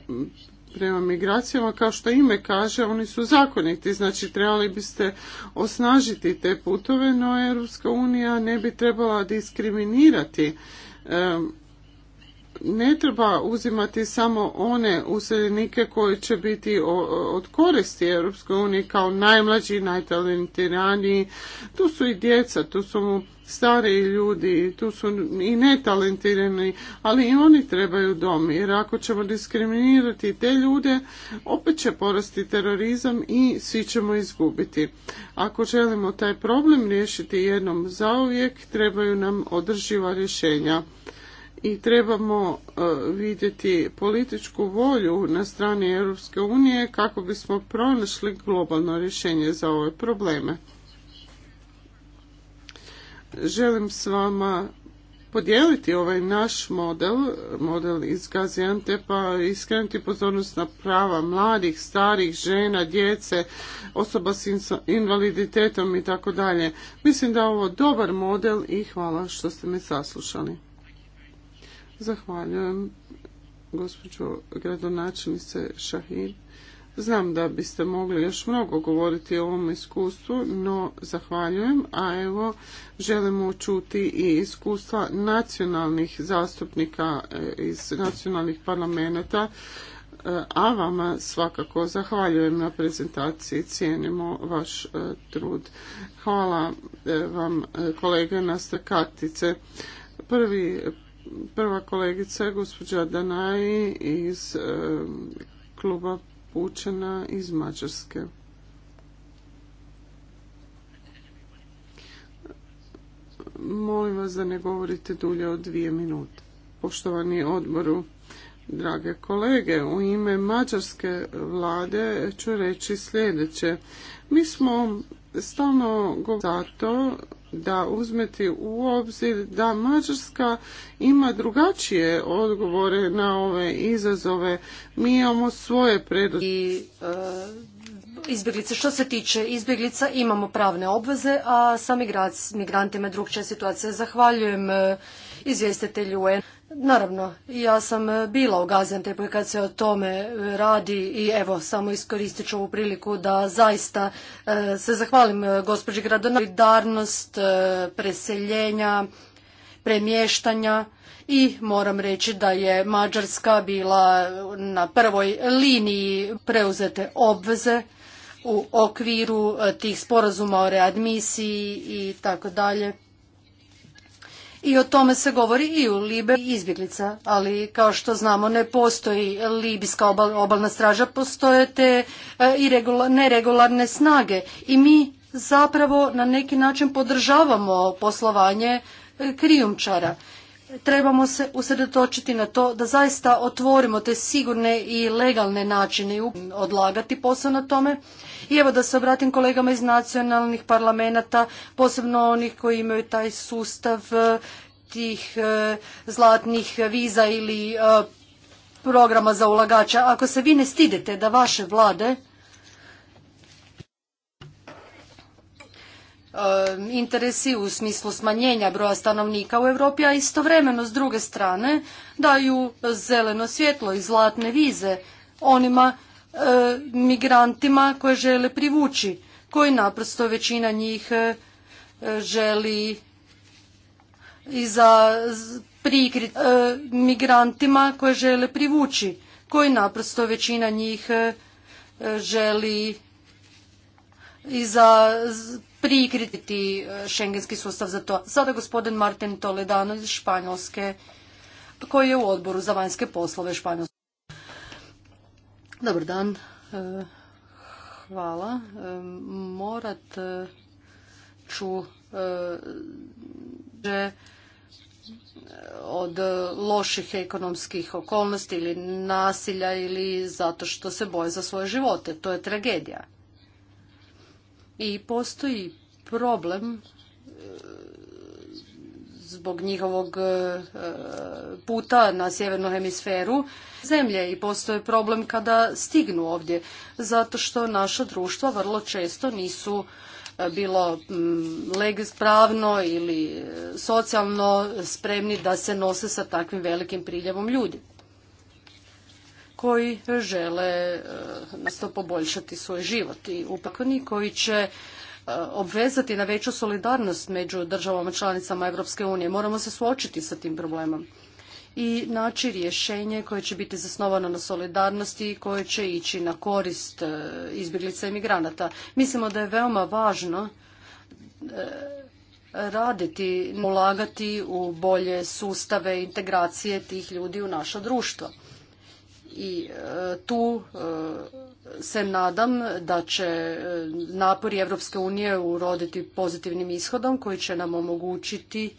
[SPEAKER 3] prema migracijama, kao što ime kaže, oni su zakoniti, znači trebali biste osnažiti te putove, no Europska unija ne bi trebala diskriminirati um, ne treba uzimati samo one useljenike koji će biti od koristi Europskoj uniji kao najmlađi, najtalentiraniji. Tu su i djeca, tu su stariji ljudi, tu su i netalentirani, ali i oni trebaju dom, jer ako ćemo diskriminirati te ljude, opet će porasti terorizam i svi ćemo izgubiti. Ako želimo taj problem riješiti jednom zauvijek, trebaju nam održiva rješenja i trebamo e, vidjeti političku volju na strani Europske unije kako bismo pronašli globalno rješenje za ove probleme. Želim s vama podijeliti ovaj naš model, model iz Gaziantepa pa i skrenuti pozornost na prava mladih, starih, žena, djece, osoba s invaliditetom i tako dalje. Mislim da je ovo dobar model i hvala što ste me saslušali. Zahvaljujem gospođo gradonačelnice Šahin. Znam da biste mogli još mnogo govoriti o ovom iskustvu, no zahvaljujem, a evo želimo čuti i iskustva nacionalnih zastupnika e, iz nacionalnih parlamenta, e, a vama svakako zahvaljujem na prezentaciji, cijenimo vaš e, trud. Hvala vam kolege na Prvi Prva kolegica, gospođa Danaj iz e, kluba Pučana iz Mađarske. Molim vas da ne govorite dulje od dvije minute. Poštovani odboru, drage kolege, u ime mađarske vlade ću reći sljedeće. Mi smo stalno zato da uzmeti u obzir da Mađarska ima drugačije odgovore na ove izazove. Mi imamo svoje predosti. I
[SPEAKER 2] e, izbjeglice. Što se tiče izbjeglica, imamo pravne obveze, a sa migrantima je drugčija situacija. Zahvaljujem e, izvjestitelju UN. Naravno, ja sam bila u Gaziantepu kad se o tome radi i evo, samo iskoristit ću ovu priliku da zaista e, se zahvalim e, gospođi Gradona. Solidarnost, e, preseljenja, premještanja i moram reći da je Mađarska bila na prvoj liniji preuzete obveze u okviru tih sporazuma o readmisiji i tako dalje i o tome se govori i u Libe izbjeglica, ali kao što znamo ne postoji libijska obalna straža, postoje te e, i neregularne snage i mi zapravo na neki način podržavamo poslovanje e, krijumčara trebamo se usredotočiti na to da zaista otvorimo te sigurne i legalne načine odlagati posao na tome. I evo da se obratim kolegama iz nacionalnih parlamenta, posebno onih koji imaju taj sustav e, tih e, zlatnih viza ili e, programa za ulagača. Ako se vi ne stidite da vaše vlade Um, interesi u smislu smanjenja broja stanovnika u Europi, a istovremeno s druge strane daju zeleno svjetlo i zlatne vize onima um, migrantima koje žele privući, koji naprosto većina njih um, želi i za prikrit migrantima koje žele privući, koji naprosto većina njih želi i za prikrititi e, šengenski sustav za to. Sada gospodin Martin Toledano iz Španjolske, koji je u odboru za vanjske poslove Španjolske. Dobar dan. E, hvala. E, morat ću od loših ekonomskih okolnosti ili nasilja ili zato što se boje za svoje živote. To je tragedija i postoji problem e, zbog njihovog e, puta na sjevernu hemisferu zemlje i postoji problem kada stignu ovdje zato što naša društva vrlo često nisu e, bilo pravno ili socijalno spremni da se nose sa takvim velikim priljevom ljudi koji žele e, nasto poboljšati svoj život i upakoni koji će e, obvezati na veću solidarnost među državama članicama Europske unije. Moramo se suočiti sa tim problemom i naći rješenje koje će biti zasnovano na solidarnosti i koje će ići na korist e, izbjeglica i migranata. Mislimo da je veoma važno raditi, ulagati u bolje sustave integracije tih ljudi u naša društva i e, tu e, se nadam da će e, napori Europske unije uroditi pozitivnim ishodom koji će nam omogućiti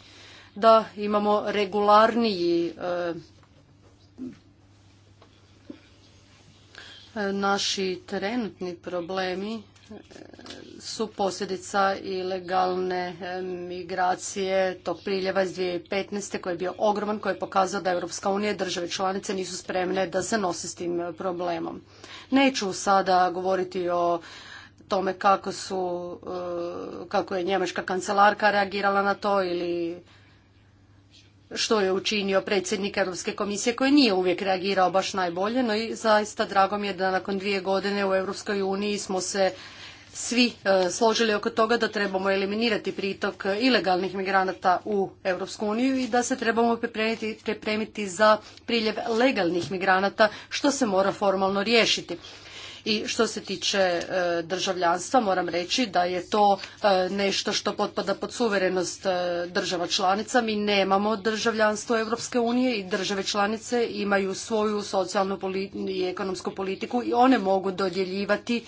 [SPEAKER 2] da imamo regularniji naši trenutni problemi su posljedica ilegalne e, migracije tog priljeva iz 2015. koji je bio ogroman, koji je pokazao da Europska unija i države članice nisu spremne da se nose s tim e, problemom. Neću sada govoriti o tome kako su, e, kako je njemačka kancelarka reagirala na to ili što je učinio predsjednik Europske komisije koji nije uvijek reagirao baš najbolje, no i zaista drago mi je da nakon dvije godine u Europskoj uniji smo se svi e, složili oko toga da trebamo eliminirati pritok e, ilegalnih migranata u Europsku uniju i da se trebamo pripremiti za priljev legalnih migranata što se mora formalno riješiti. I što se tiče e, državljanstva, moram reći da je to e, nešto što potpada pod suverenost e, država članica. Mi nemamo državljanstvo Europske unije i države članice imaju svoju socijalnu i ekonomsku politiku i one mogu dodjeljivati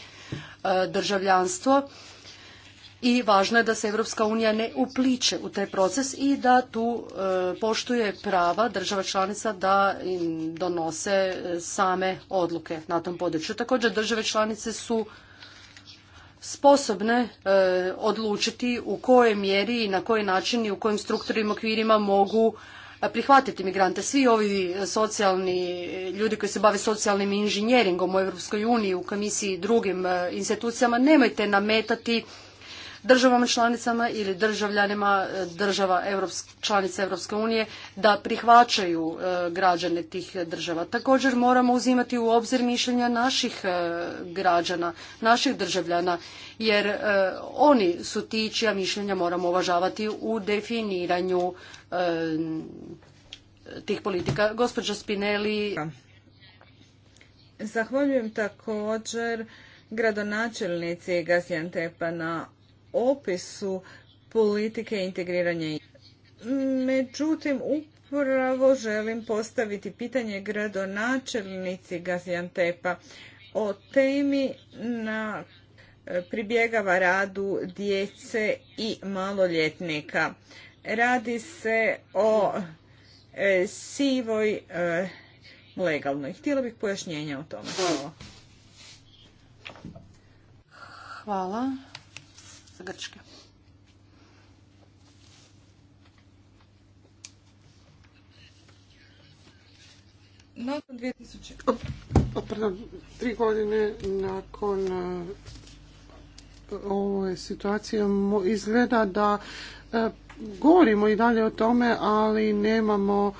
[SPEAKER 2] državljanstvo i važno je da se Europska unija ne upliče u taj proces i da tu e, poštuje prava država članica da im donose e, same odluke na tom području. Također države članice su sposobne e, odlučiti u kojoj mjeri i na koji način i u kojim strukturnim okvirima mogu prihvatiti migrante. Svi ovi socijalni, ljudi koji se bave socijalnim inženjeringom u Europskoj uniji, u komisiji i drugim institucijama, nemojte nametati državama članicama ili državljanima e, država članica Europske unije da prihvaćaju e, građane tih država. Također moramo uzimati u obzir mišljenja naših e, građana, naših državljana, jer oni su ti čija mišljenja moramo uvažavati u definiranju tih politika. Gospođa
[SPEAKER 1] Spinelli. Zahvaljujem također gradonačelnici Gaziantepa na opisu politike integriranja. Međutim, upravo želim postaviti pitanje gradonačelnici Gaziantepa o temi na e, pribjegava radu djece i maloljetnika. Radi se o e, sivoj e, legalnoj. Htjela bih pojašnjenja o tome. Hvala. Hvala sa Grčke.
[SPEAKER 3] Nakon 2000... O, pardon, tri godine nakon e, ove situacije izgleda da e, govorimo i dalje o tome, ali nemamo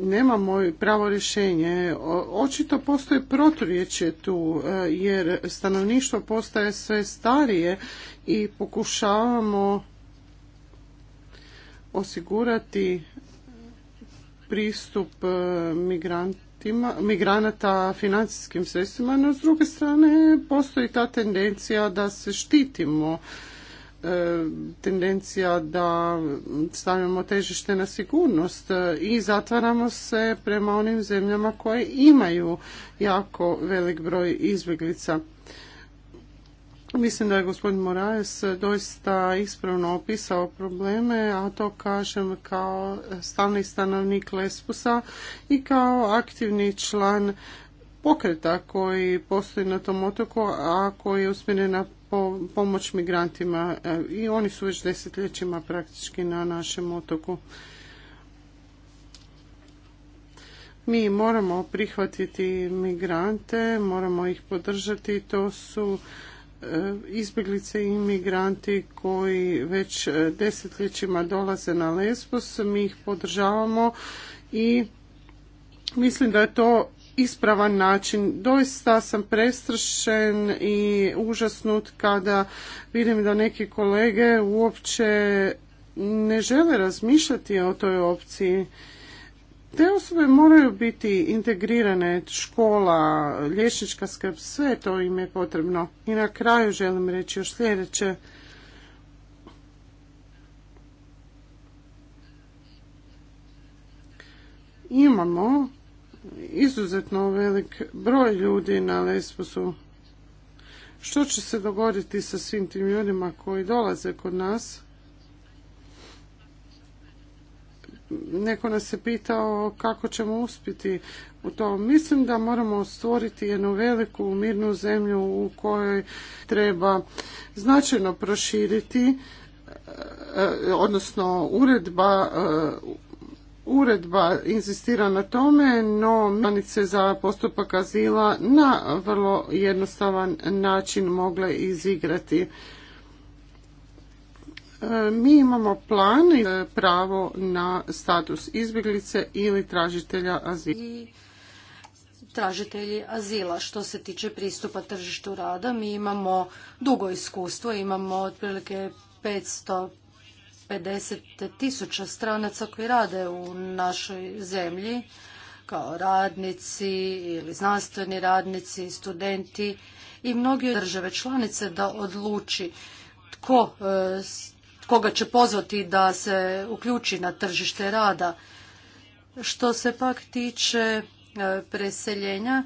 [SPEAKER 3] nemamo pravo rješenje. Očito postoje proturječje tu e, jer stanovništvo postaje sve starije i pokušavamo osigurati pristup e, migrantima, migranata financijskim sredstvima, no s druge strane postoji ta tendencija da se štitimo E, tendencija da stavimo težište na sigurnost e, i zatvaramo se prema onim zemljama koje imaju jako velik broj izbjeglica. Mislim da je gospodin Moraes doista ispravno opisao probleme, a to kažem kao stalni stanovnik Lespusa i kao aktivni član pokreta koji postoji na tom otoku, a koji je usmjeren na pomoć migrantima e, i oni su već desetljećima praktički na našem otoku. Mi moramo prihvatiti migrante, moramo ih podržati, to su e, izbjeglice i imigranti koji već desetljećima dolaze na Lesbos, mi ih podržavamo i mislim da je to ispravan način. Doista sam prestrašen i užasnut kada vidim da neki kolege uopće ne žele razmišljati o toj opciji. Te osobe moraju biti integrirane, škola, liječnička skrb, sve to im je potrebno. I na kraju želim reći još sljedeće. Imamo izuzetno velik broj ljudi na Lesbosu. Što će se dogoditi sa svim tim ljudima koji dolaze kod nas? Neko nas je pitao kako ćemo uspjeti u to. Mislim da moramo stvoriti jednu veliku mirnu zemlju u kojoj treba značajno proširiti e, odnosno uredba e, uredba insistira na tome, no manice za postupak azila na vrlo jednostavan način mogle izigrati. E, mi imamo plan e, pravo na status izbjeglice ili tražitelja azila
[SPEAKER 2] tražitelji azila. Što se tiče pristupa tržištu rada, mi imamo dugo iskustvo, imamo otprilike 500 50.000 tisuća stranaca koji rade u našoj zemlji kao radnici ili znanstveni radnici, studenti i mnogi države članice da odluči tko, e, koga će pozvati da se uključi na tržište rada. Što se pak tiče e, preseljenja,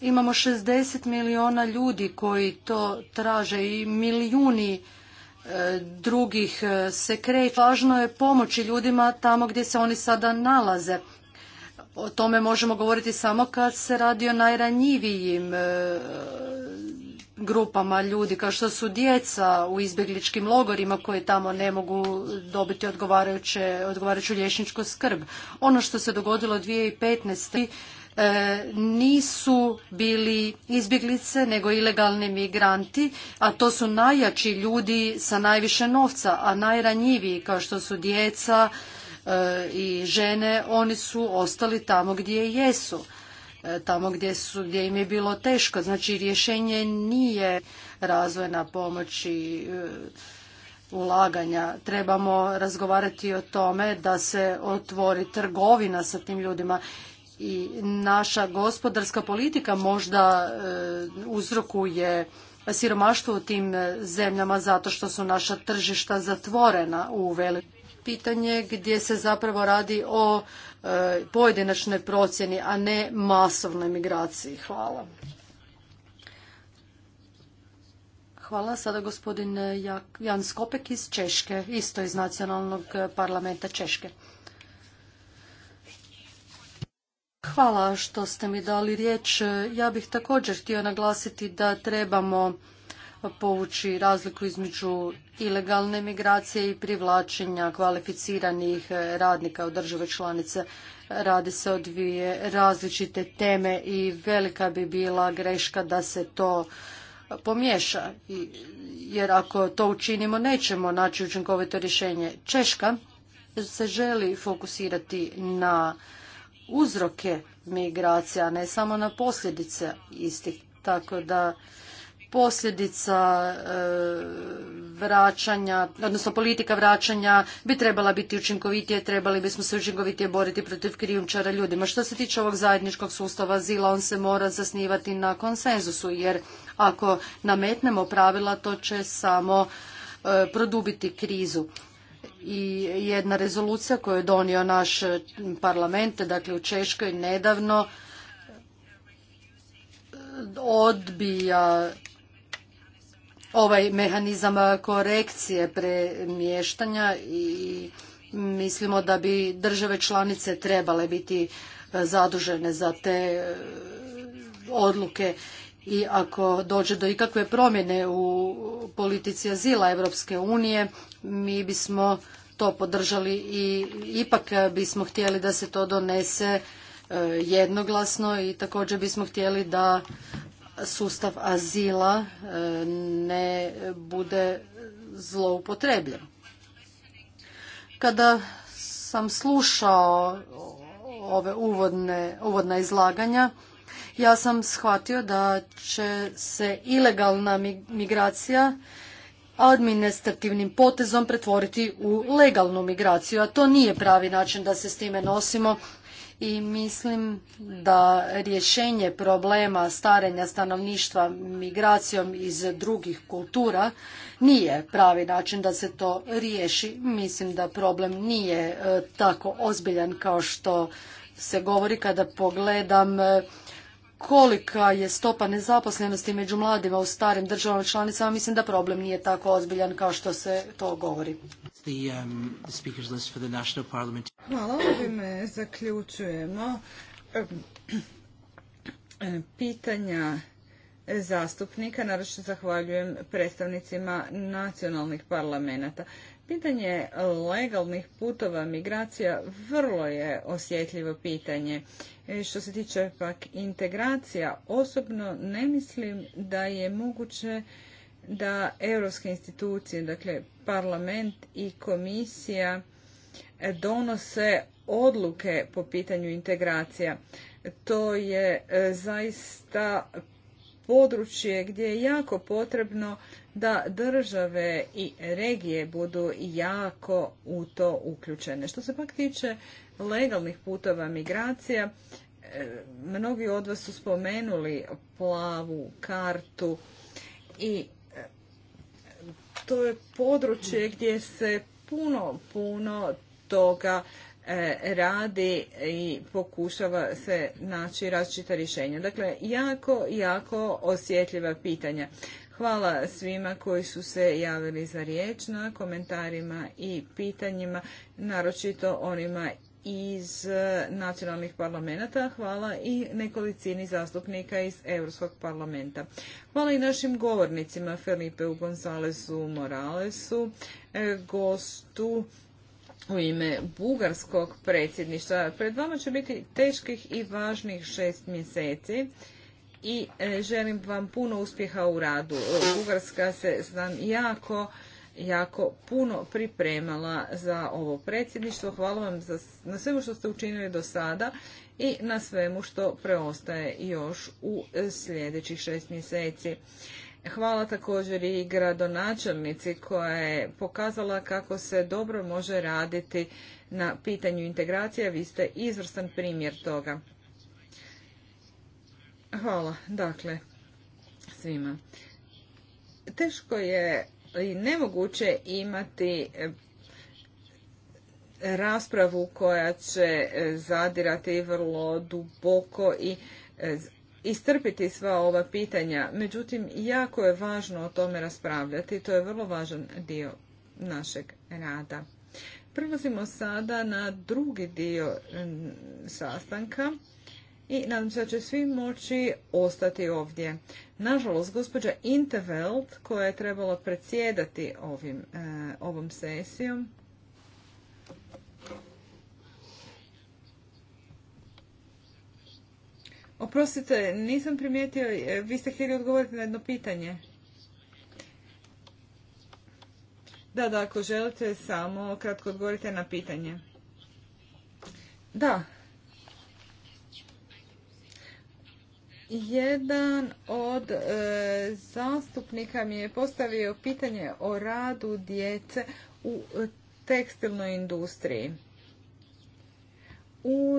[SPEAKER 2] imamo 60 milijuna ljudi koji to traže i milijuni E, drugih e, se kreće. Važno je pomoći ljudima tamo gdje se oni sada nalaze. O tome možemo govoriti samo kad se radi o najranjivijim e, grupama ljudi, kao što su djeca u izbjegličkim logorima koji tamo ne mogu dobiti odgovarajuću liječničku skrb. Ono što se dogodilo 2015. E, nisu bili izbjeglice nego ilegalni migranti, a to su najjači ljudi sa najviše novca, a najranjiviji kao što su djeca e, i žene, oni su ostali tamo gdje jesu e, tamo gdje, su, gdje im je bilo teško. Znači rješenje nije razvojna pomoć i ulaganja. Trebamo razgovarati o tome da se otvori trgovina sa tim ljudima i naša gospodarska politika možda e, uzrokuje siromaštvo u tim e, zemljama zato što su naša tržišta zatvorena u veliko pitanje gdje se zapravo radi o e, pojedinačnoj procjeni, a ne masovnoj migraciji. Hvala. Hvala. Sada gospodin Jan Skopek iz Češke, isto iz nacionalnog parlamenta Češke. Hvala što ste mi dali riječ. Ja bih također htio naglasiti da trebamo povući razliku između ilegalne migracije i privlačenja kvalificiranih radnika u države članice. Radi se o dvije različite teme i velika bi bila greška da se to pomiješa. Jer ako to učinimo nećemo naći učinkovito rješenje. Češka se želi fokusirati na uzroke migracija, ne samo na posljedice istih. Tako da posljedica e, vraćanja, odnosno politika vraćanja bi trebala biti učinkovitije, trebali bismo se učinkovitije boriti protiv krijumčara ljudima. Što se tiče ovog zajedničkog sustava azila, on se mora zasnivati na konsenzusu, jer ako nametnemo pravila, to će samo e, produbiti krizu i jedna rezolucija koju je donio naš parlament, dakle u Češkoj nedavno, odbija ovaj mehanizam korekcije premještanja i mislimo da bi države članice trebale biti zadužene za te odluke i ako dođe do ikakve promjene u politici azila Europske unije, mi bismo to podržali i ipak bismo htjeli da se to donese e, jednoglasno i također bismo htjeli da sustav azila e, ne bude zloupotrebljen. Kada sam slušao ove uvodne, uvodna izlaganja, ja sam shvatio da će se ilegalna migracija administrativnim potezom pretvoriti u legalnu migraciju, a to nije pravi način da se s time nosimo i mislim da rješenje problema starenja stanovništva migracijom iz drugih kultura nije pravi način da se to riješi. Mislim da problem nije e, tako ozbiljan kao što se govori kada pogledam e, kolika je stopa nezaposlenosti među mladima u starim državama članicama, mislim da problem nije tako ozbiljan kao što se to govori.
[SPEAKER 3] Um,
[SPEAKER 1] Hvala, ovime zaključujemo pitanja zastupnika. Naravno zahvaljujem predstavnicima nacionalnih parlamenta. Pitanje legalnih putova migracija vrlo je osjetljivo pitanje. E, što se tiče pak integracija, osobno ne mislim da je moguće da europske institucije, dakle parlament i komisija e, donose odluke po pitanju integracija. To je e, zaista područje gdje je jako potrebno da države i regije budu jako u to uključene. Što se pak tiče legalnih putova migracija, eh, mnogi od vas su spomenuli plavu kartu i eh, to je područje gdje se puno, puno toga eh, radi i pokušava se naći različita rješenja. Dakle, jako, jako osjetljiva pitanja. Hvala svima koji su se javili za riječ na komentarima i pitanjima, naročito onima iz e, nacionalnih parlamenta. Hvala i nekolicini zastupnika iz Europskog parlamenta. Hvala i našim govornicima Felipe Gonzalesu Moralesu, e, gostu u ime bugarskog predsjedništva. Pred vama će biti teških i važnih šest mjeseci i e, želim vam puno uspjeha u radu. E, Bugarska se znam jako jako puno pripremala za ovo predsjedništvo. Hvala vam na svemu što ste učinili do sada i na svemu što preostaje još u e, sljedećih šest mjeseci. Hvala također i gradonačelnici koja je pokazala kako se dobro može raditi na pitanju integracije. Vi ste izvrstan primjer toga. Hvala, dakle, svima. Teško je i nemoguće imati e, raspravu koja će e, zadirati vrlo duboko i e, istrpiti sva ova pitanja. Međutim, jako je važno o tome raspravljati. To je vrlo važan dio našeg rada. Prvozimo sada na drugi dio sastanka i nadam se da će svi moći ostati ovdje. Nažalost, gospođa Interveld, koja je trebala predsjedati ovim, e, ovom sesijom, Oprostite, nisam primijetio, e, vi ste htjeli odgovoriti na jedno pitanje. Da, da, ako želite, samo kratko odgovorite na pitanje. Da, Jedan od e, zastupnika mi je postavio pitanje o radu djece u e, tekstilnoj industriji. U,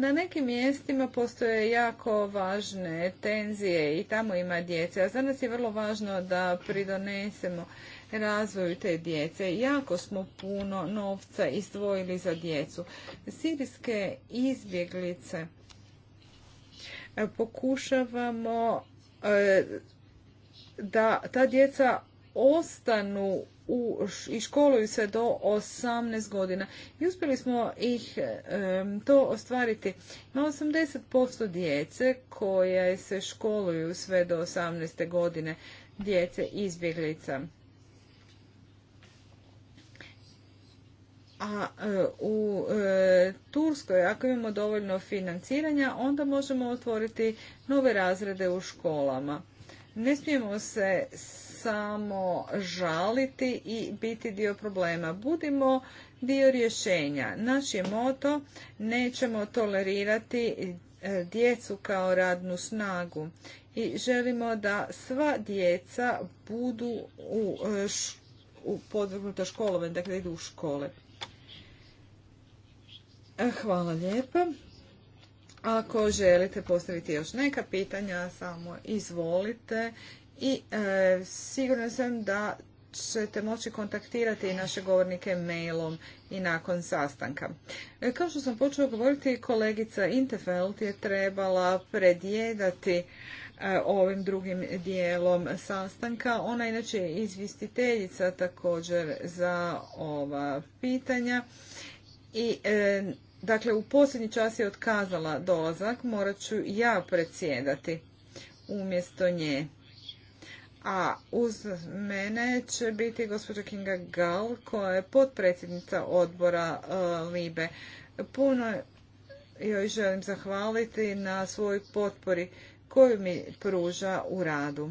[SPEAKER 1] na nekim mjestima postoje jako važne tenzije i tamo ima djece, a za nas je vrlo važno da pridonesemo razvoju te djece. Jako smo puno novca izdvojili za djecu. Sirijske izbjeglice E, pokušavamo e, da ta djeca ostanu u, i školuju se do 18 godina. I uspjeli smo ih e, to ostvariti. Na 80% djece koje se školuju sve do 18. godine djece izbjeglica. A e, u e, Turskoj, ako imamo dovoljno financiranja, onda možemo otvoriti nove razrede u školama. Ne smijemo se samo žaliti i biti dio problema. Budimo dio rješenja. Naš je moto nećemo tolerirati e, djecu kao radnu snagu i želimo da sva djeca budu u, u podvrgnuta školovanju, dakle idu u škole. Hvala lijepa. Ako želite postaviti još neka pitanja, samo izvolite i e, sigurna sam da ćete moći kontaktirati i naše govornike mailom i nakon sastanka. E, kao što sam počela govoriti, kolegica Intefeld je trebala predjedati e, ovim drugim dijelom sastanka. Ona inače je izvjestiteljica također za ova pitanja i e, dakle u posljednji čas je otkazala dolazak, morat ću ja predsjedati umjesto nje. A uz mene će biti gospođa Kinga Gal koja je potpredsjednica odbora e, LIBE. Puno joj želim zahvaliti na svoj potpori koju mi pruža u radu.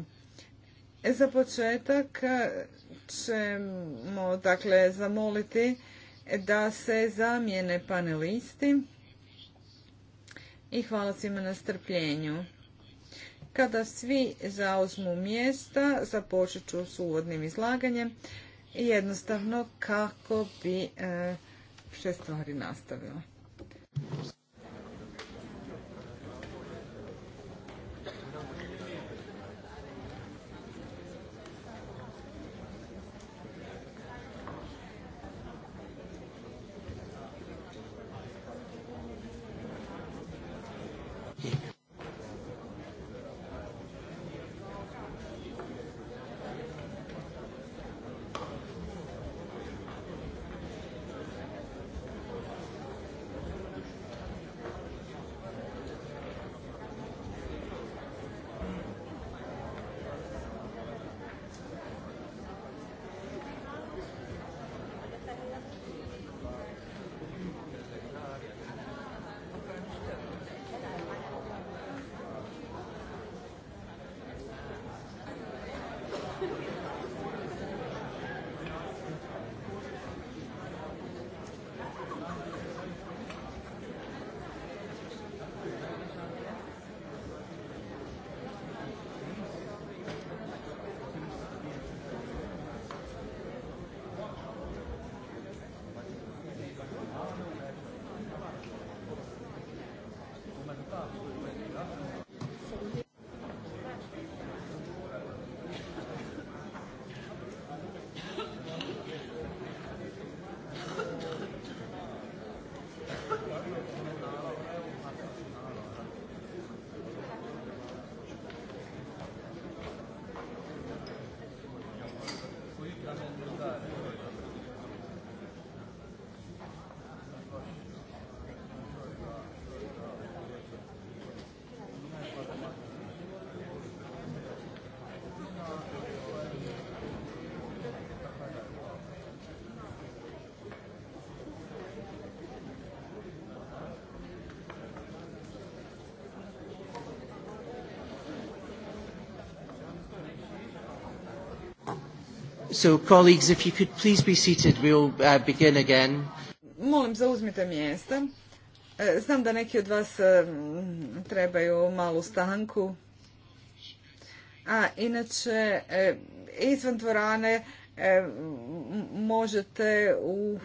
[SPEAKER 1] E, za početak ćemo dakle zamoliti da se zamijene panelisti i hvala svima na strpljenju. Kada svi zauzmu mjesta, započet ću s uvodnim izlaganjem i jednostavno kako bi eh, e, se stvari nastavila.
[SPEAKER 3] So, colleagues, if you could please be seated, we'll uh, begin again.
[SPEAKER 1] Molim, zauzmite mjesta. E, znam da neki od vas e, trebaju malu stanku. A inače, e, izvan dvorane možete u...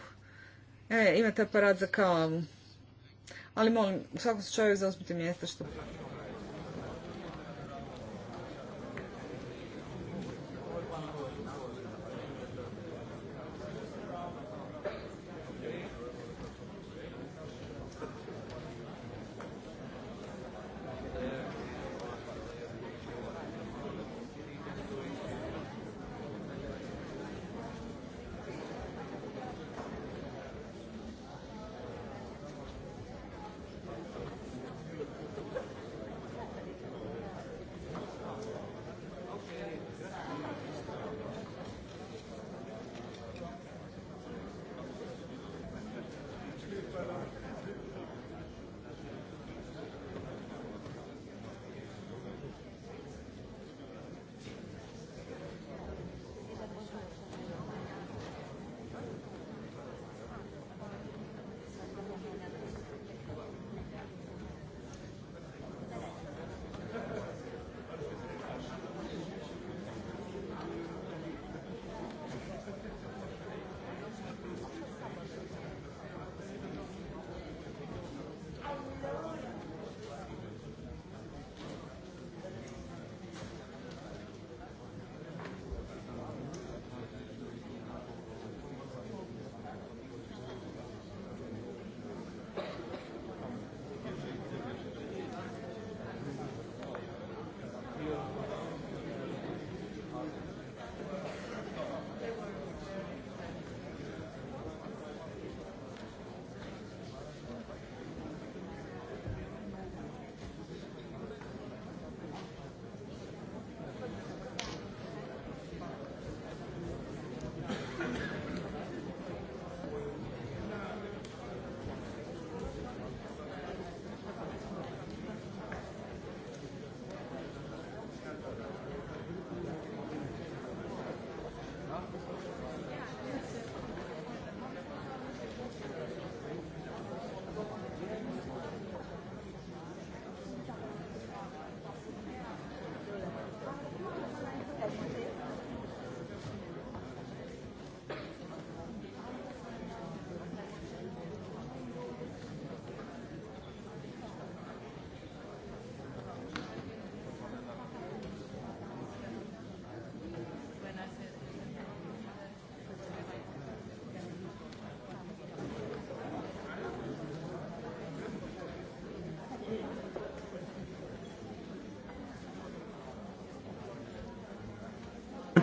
[SPEAKER 1] imate aparat za kao. Ali molim, u svakom slučaju zauzmite mjesta što...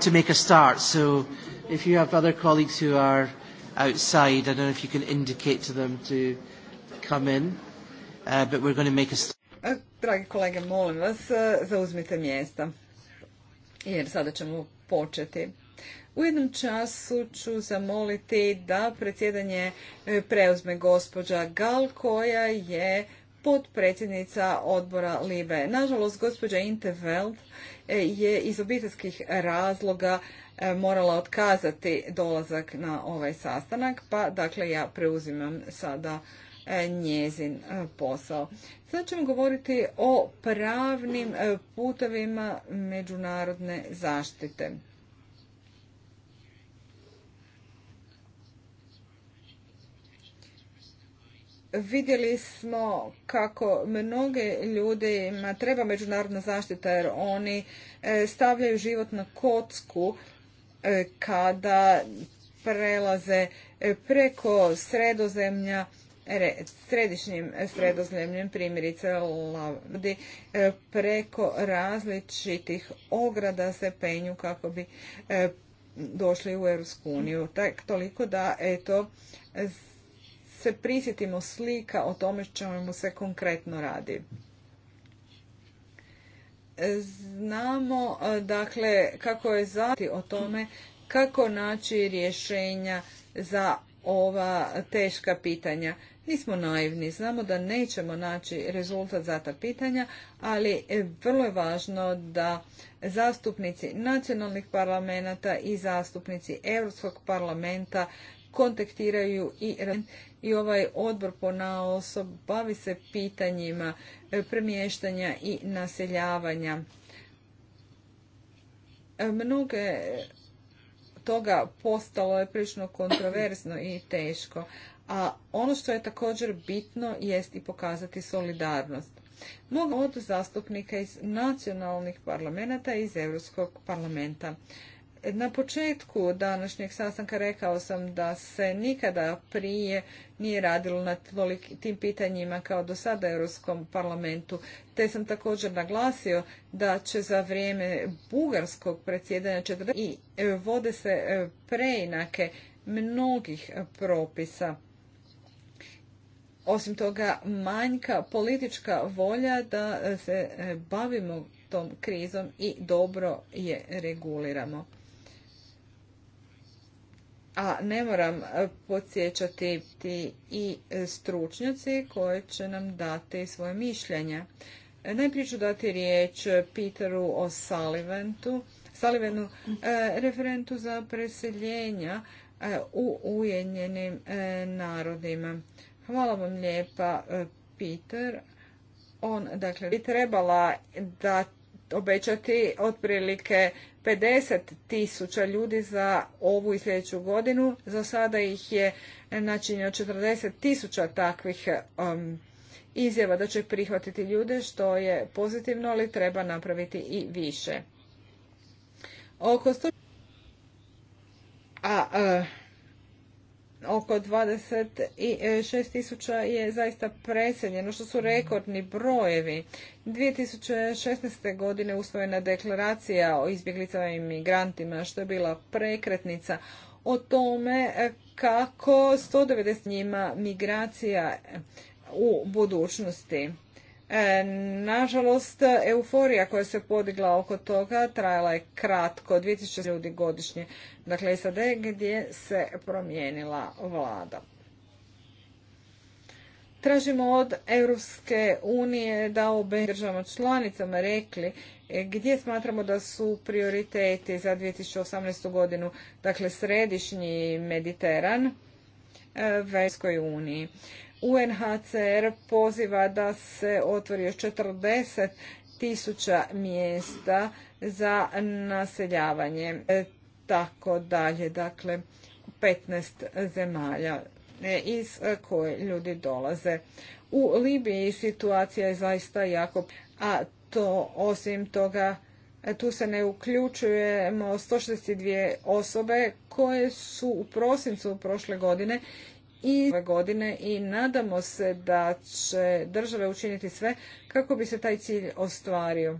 [SPEAKER 3] to make a start, so if you have other colleagues who are outside, I don't know if you can indicate to them to come in, uh, but we're going to make a start.
[SPEAKER 1] E, dragi kolege, molim vas, e, zauzmite mjesta, jer sada ćemo početi. U jednom času ću zamoliti da predsjedanje e, preuzme gospođa Gal, koja je potpredsjednica odbora Libe. Nažalost, gospođa Interveld e, je iz obiteljskih razloga e, morala otkazati dolazak na ovaj sastanak, pa dakle ja preuzimam sada e, njezin posao. Sad ćemo govoriti o pravnim putovima međunarodne zaštite. Vidjeli smo kako mnoge ljudima treba međunarodna zaštita jer oni e, stavljaju život na kocku e, kada prelaze e, preko sredozemlja središnjim sredozemljem primjerice Lavdi preko različitih ograda se penju kako bi došli u EU. uniju. toliko da eto se prisjetimo slika o tome čemu se konkretno radi. Znamo e, dakle kako je zati o tome kako naći rješenja za ova teška pitanja. Nismo naivni, znamo da nećemo naći rezultat za ta pitanja, ali vrlo je važno da zastupnici nacionalnih parlamenta i zastupnici Europskog parlamenta kontaktiraju i i ovaj odbor po osob bavi se pitanjima e, premještanja i naseljavanja. E, mnoge toga postalo je prilično kontroverzno i teško, a ono što je također bitno jest i pokazati solidarnost. Mnogo od zastupnika iz nacionalnih parlamenta i iz Europskog parlamenta. Na početku današnjeg sastanka rekao sam da se nikada prije nije radilo na tim pitanjima kao do sada u Europskom parlamentu, te sam također naglasio da će za vrijeme bugarskog predsjedanja i e, vode se e, preinake mnogih propisa. Osim toga, manjka politička volja da e, se bavimo tom krizom i dobro je reguliramo a ne moram e, podsjećati ti i e, stručnjaci koji će nam dati svoje mišljenje. E, najprije ću dati riječ Peteru o Saliventu, Salivenu, referentu za preseljenja u Ujedinjenim narodima. Hvala vam lijepa, Peter. On, dakle, bi trebala dati obećati otprilike 50 tisuća ljudi za ovu i sljedeću godinu. Za sada ih je načinio 40 tisuća takvih um, izjava da će prihvatiti ljude, što je pozitivno, ali treba napraviti i više. Oko 100... A, uh oko 26.000 tisuća je zaista preseljeno, što su rekordni brojevi. 2016. godine usvojena deklaracija o izbjeglicama i migrantima, što je bila prekretnica o tome kako 190 njima migracija u budućnosti. E, nažalost, euforija koja se podigla oko toga trajala je kratko, 2000 ljudi godišnje. Dakle, SAD gdje se promijenila vlada. Tražimo od Europske unije da obe državama članicama rekli e, gdje smatramo da su prioriteti za 2018. godinu, dakle središnji Mediteran, e, Veskoj uniji. UNHCR poziva da se otvori još 40 tisuća mjesta za naseljavanje, e, tako dalje, dakle 15 zemalja e, iz koje ljudi dolaze. U Libiji situacija je zaista jako, a to osim toga e, tu se ne uključujemo 162 osobe koje su u prosincu prošle godine i ove godine i nadamo se da će države učiniti sve kako bi se taj cilj ostvario.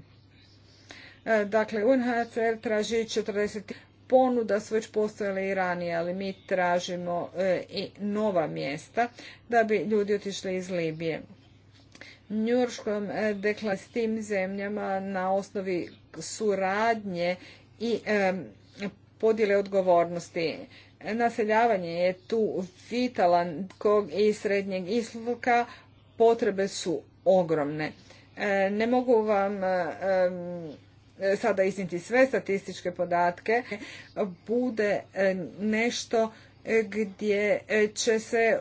[SPEAKER 1] E, dakle, UNHCR traži 40 ponuda su već postojale i ranije, ali mi tražimo e, i nova mjesta da bi ljudi otišli iz Libije. Njurškom e, dekla s tim zemljama na osnovi suradnje i podjele odgovornosti. Naseljavanje je tu vitalan kog i srednjeg isluka, potrebe su ogromne. E, ne mogu vam e, e, sada izniti sve statističke podatke, bude nešto gdje će se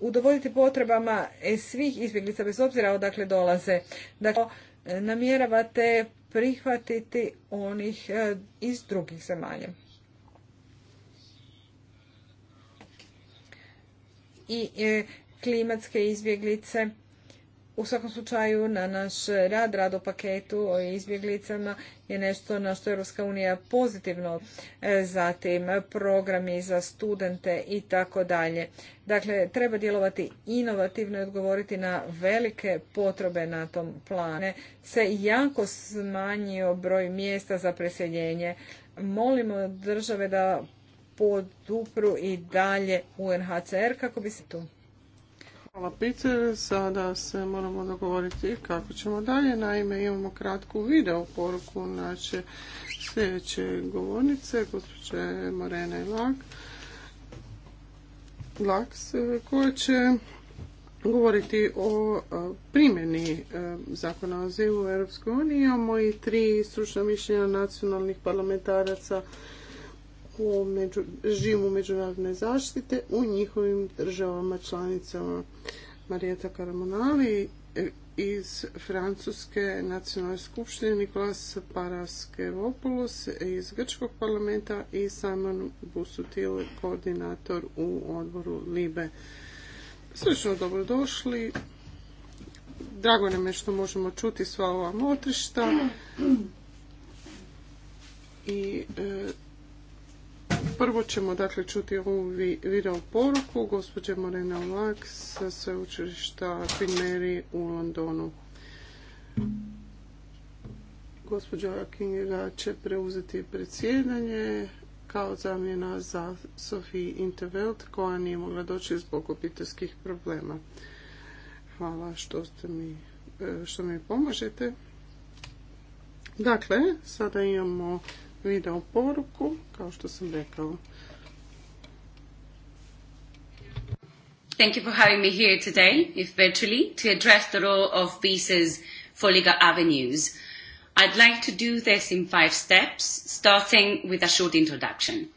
[SPEAKER 1] udovoljiti potrebama svih izbjeglica bez obzira odakle dolaze. Dakle, namjeravate prihvatiti onih iz drugih zemalja. i e, klimatske izbjeglice. U svakom slučaju na naš rad, rad o paketu o izbjeglicama je nešto na što Europska unija pozitivno e, zatim programi za studente i tako dalje. Dakle, treba djelovati inovativno i odgovoriti na velike potrebe na tom plane. Se jako smanjio broj mjesta za preseljenje. Molimo države da podupru i dalje UNHCR kako
[SPEAKER 3] bi se tu. Hvala Peter, sada se moramo dogovoriti kako ćemo dalje. Naime, imamo kratku video poruku naše sljedeće govornice, gospođe Morena i Lak. Laks, koja će govoriti o e, primjeni e, zakona o zivu u EU. Imamo i tri stručna mišljenja nacionalnih parlamentaraca u ovom režimu međunarodne zaštite u njihovim državama članicama. Marijeta Karamonali e, iz Francuske nacionalne skupštine, Nikolas Paraskevopoulos iz Grčkog parlamenta i Simon Busutil, koordinator u odboru LIBE. Slično dobrodošli. Drago nam je što možemo čuti sva ova motrišta i e, Prvo ćemo dakle čuti ovu video poruku gospođe Morena Vlak sa sveučilišta Queen Mary u Londonu. Gospođa Kinga će preuzeti predsjedanje kao zamjena za Sophie Intervelt koja nije mogla doći zbog obiteljskih problema. Hvala što, ste mi, e, što mi pomažete. Dakle, sada imamo video poruku, kao što sam rekao.
[SPEAKER 4] Thank you for having me here today, if virtually, to address the role of visas for legal avenues. I'd like to do this in five steps, starting with a short introduction.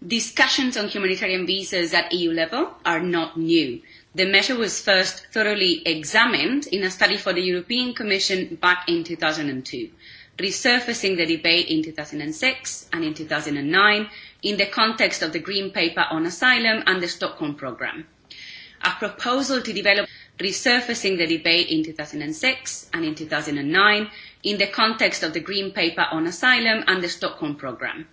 [SPEAKER 4] Discussions on humanitarian visas at EU level are not new. The measure was first thoroughly examined in a study for the European Commission back in 2002 resurfacing the debate in 2006 and in 2009 in the context of the Green Paper on Asylum and the Stockholm Programme. A proposal to develop resurfacing the debate in 2006 and in 2009 in the context of the Green Paper on Asylum and the Stockholm Programme.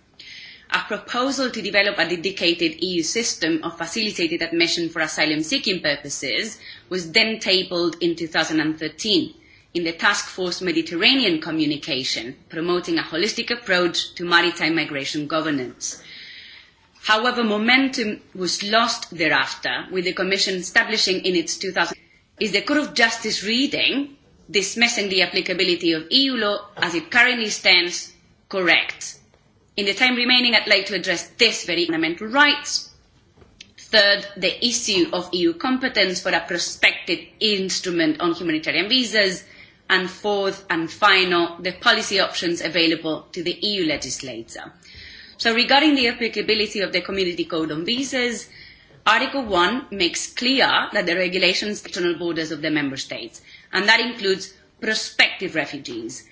[SPEAKER 4] A proposal to develop a dedicated EU system of facilitated admission for asylum seeking purposes was then tabled in 2013 in the Task Force Mediterranean communication, promoting a holistic approach to maritime migration governance. However, momentum was lost thereafter, with the Commission establishing in its 2000... Is the Court of Justice reading, dismissing the applicability of EU law as it currently stands, correct? In the time remaining, I'd like to address this very fundamental rights. Third, the issue of EU competence for a prospective instrument on humanitarian visas and fourth and final, the policy options available to the EU legislator. So regarding the applicability of the Community Code on Visas, Article 1 makes clear that the regulations external borders of the member states, and that includes prospective refugees.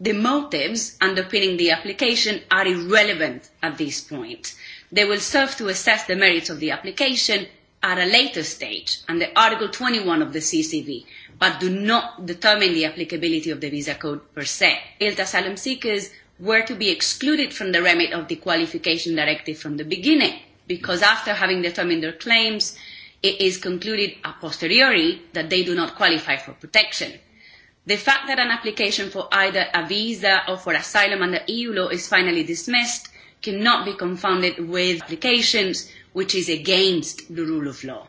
[SPEAKER 4] The motives underpinning the application are irrelevant at this point. They will serve to assess the merits of the application at a later stage under Article 21 of the CCV, but do not determine the applicability of the visa code per se. ILTA asylum seekers were to be excluded from the remit of the qualification directive from the beginning, because after having determined their claims, it is concluded a posteriori that they do not qualify for protection. The fact that an application for either a visa or for asylum under EU law is finally dismissed cannot be confounded with applications which is against the rule of law.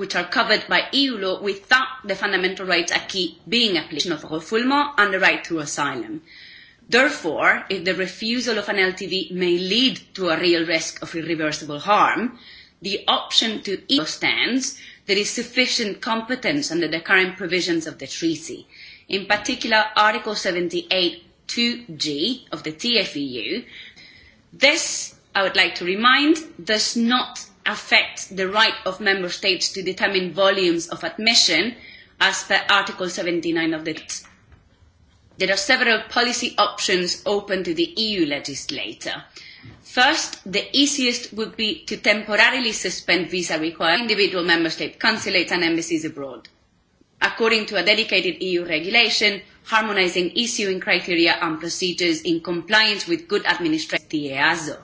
[SPEAKER 4] which are covered by EU law without the fundamental rights acquis being application of refoulement and the right to asylum. Therefore, if the refusal of an LTV may lead to a real risk of irreversible harm, the option to EU stands there is sufficient competence under the current provisions of the treaty. In particular, Article 78 2G of the TFEU. This, I would like to remind, does not affect the right of member states to determine volumes of admission as per Article 79 of the There are several policy options open to the EU legislator. First, the easiest would be to temporarily suspend visa requirements individual member state consulates and embassies abroad. According to a dedicated EU regulation, harmonising issuing criteria and procedures in compliance with good administration, the e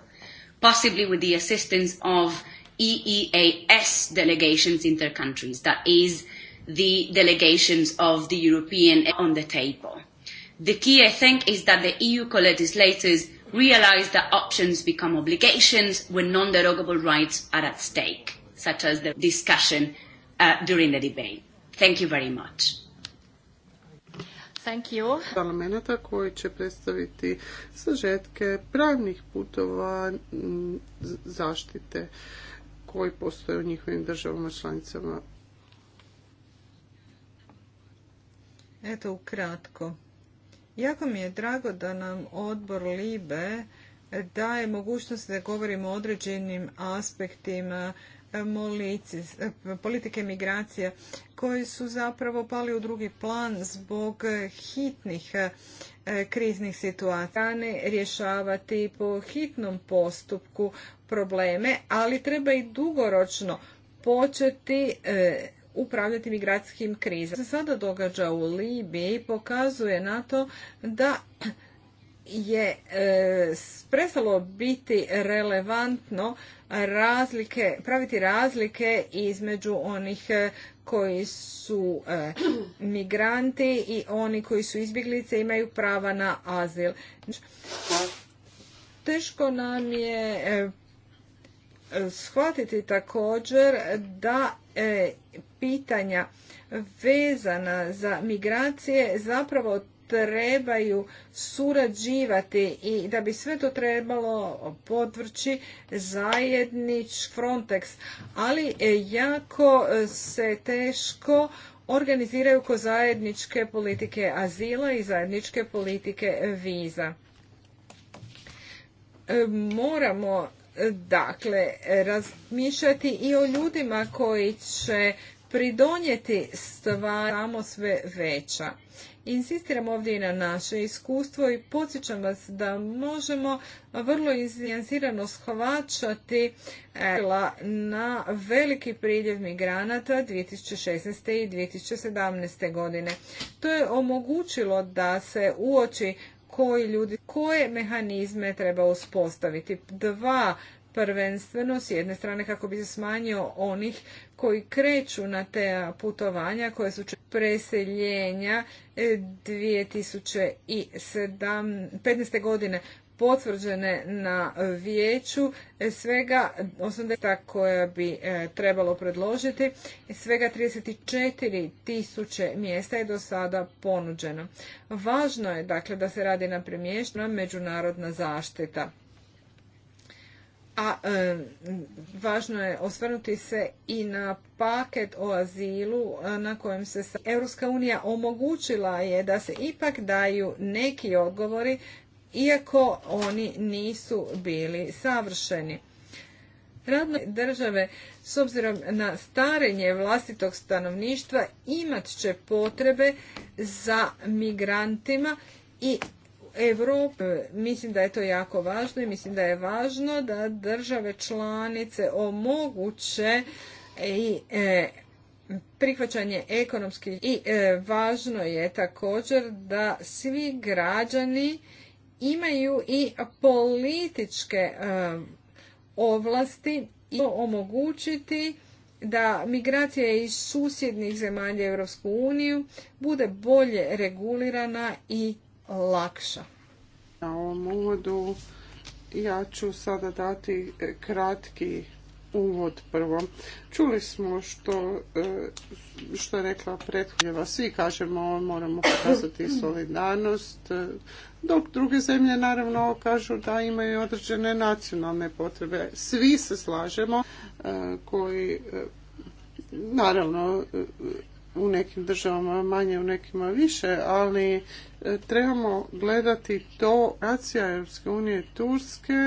[SPEAKER 4] possibly with the assistance of EEAS delegations in their countries, that is the delegations of the European on the table. The key, I think, is that the EU co-legislators realise that options become obligations when non-derogable rights are at stake, such as the discussion uh, during the debate. Thank you very much.
[SPEAKER 3] Thank you. koji će predstaviti sažetke pravnih putova mm, zaštite koji postoje u njihovim državama članicama.
[SPEAKER 1] Eto ukratko. Jako mi je drago da nam odbor LIBE daje mogućnost da govorimo o određenim aspektima e, e, politike migracija koji su zapravo pali u drugi plan zbog hitnih e, kriznih situacija. Rješavati po hitnom postupku probleme, ali treba i dugoročno početi e, upravljati migracijskim krizama. Se sada događa u Libiji pokazuje na to da je e, prestalo biti relevantno razlike, praviti razlike između onih e, koji su e, migranti i oni koji su izbjeglice imaju prava na azil. Teško nam je shvatiti također da e, pitanja vezana za migracije zapravo trebaju surađivati i da bi sve to trebalo podvrći zajednič Frontex. Ali e, jako se teško organiziraju ko zajedničke politike azila i zajedničke politike viza. E, moramo Dakle, razmišljati i o ljudima koji će pridonijeti stvar samo sve veća. Insistiram ovdje i na naše iskustvo i podsjećam vas da možemo vrlo iznijansirano shvaćati e, na veliki priljev migranata 2016. i 2017. godine. To je omogućilo da se uoči koji ljudi, koje mehanizme treba uspostaviti. Dva, prvenstveno s jedne strane kako bi se smanjio onih koji kreću na te putovanja koje su preseljenja 2015. E, godine potvrđene na vijeću e, svega 80 koja bi e, trebalo predložiti e, svega 34 tisuće mjesta je do sada ponuđeno. Važno je dakle da se radi na premještenju međunarodna zaštita. A važno je osvrnuti se i na paket o azilu na kojem se Europska unija omogućila je da se ipak daju neki odgovori iako oni nisu bili savršeni. Radne države s obzirom na starenje vlastitog stanovništva imat će potrebe za migrantima i Evropa, Mislim da je to jako važno i mislim da je važno da države članice omoguće i e, prihvaćanje ekonomskih i e, važno je također da svi građani imaju i političke e, ovlasti i omogućiti da migracija iz susjednih zemalja Europsku
[SPEAKER 3] uniju bude bolje regulirana i lakša. Na ovom uvodu ja ću sada dati kratki uvod prvo. Čuli smo što, e, što je rekla prethodnjeva. Svi kažemo moramo pokazati solidarnost, dok druge zemlje naravno kažu da imaju određene nacionalne potrebe. Svi se slažemo e, koji e, naravno e, u nekim državama manje, u nekima više, ali trebamo gledati to racija Europske unije Turske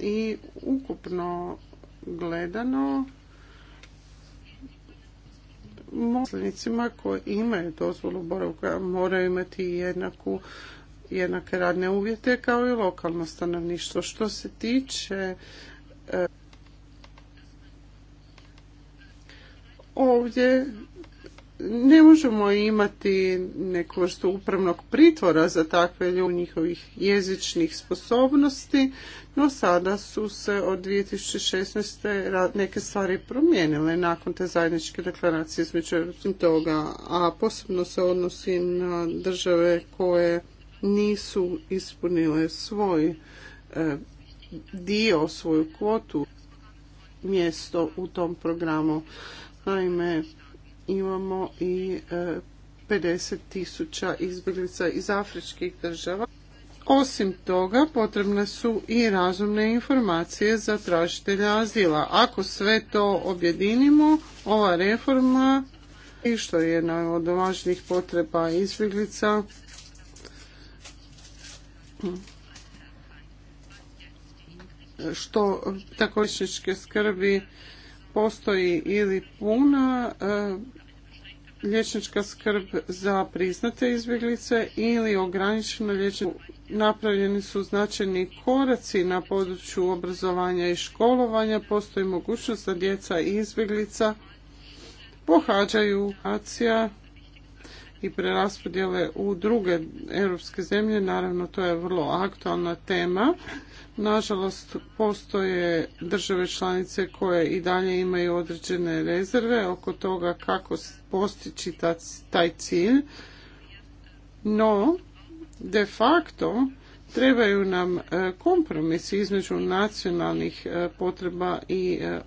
[SPEAKER 3] i ukupno gledano moslenicima koji imaju dozvolu boravka moraju imati jednaku jednake radne uvjete kao i lokalno stanovništvo. Što se tiče e, ovdje ne možemo imati neku vrstu upravnog pritvora za takve ljudi njihovih jezičnih sposobnosti, no sada su se od 2016. neke stvari promijenile nakon te zajedničke deklaracije između toga, a posebno se odnosi na države koje nisu ispunile svoj e, dio, svoju kvotu mjesto u tom programu. Naime, imamo i 50 e, tisuća izbjeglica iz afričkih država. Osim toga, potrebne su i razumne informacije za tražitelja azila. Ako sve to objedinimo, ova reforma i što je jedna od važnijih potreba izbjeglica što takoličničke skrbi postoji ili puna e, liječnička skrb za priznate izbjeglice ili ograničeno liječenje. Napravljeni su značajni koraci na području obrazovanja i školovanja. Postoji mogućnost da djeca i izbjeglica pohađaju acija i preraspodjele u druge europske zemlje. Naravno, to je vrlo aktualna tema. Nažalost, postoje države članice koje i dalje imaju određene rezerve oko toga kako postići taj cilj. No, de facto, trebaju nam e, kompromisi između nacionalnih e, potreba i e,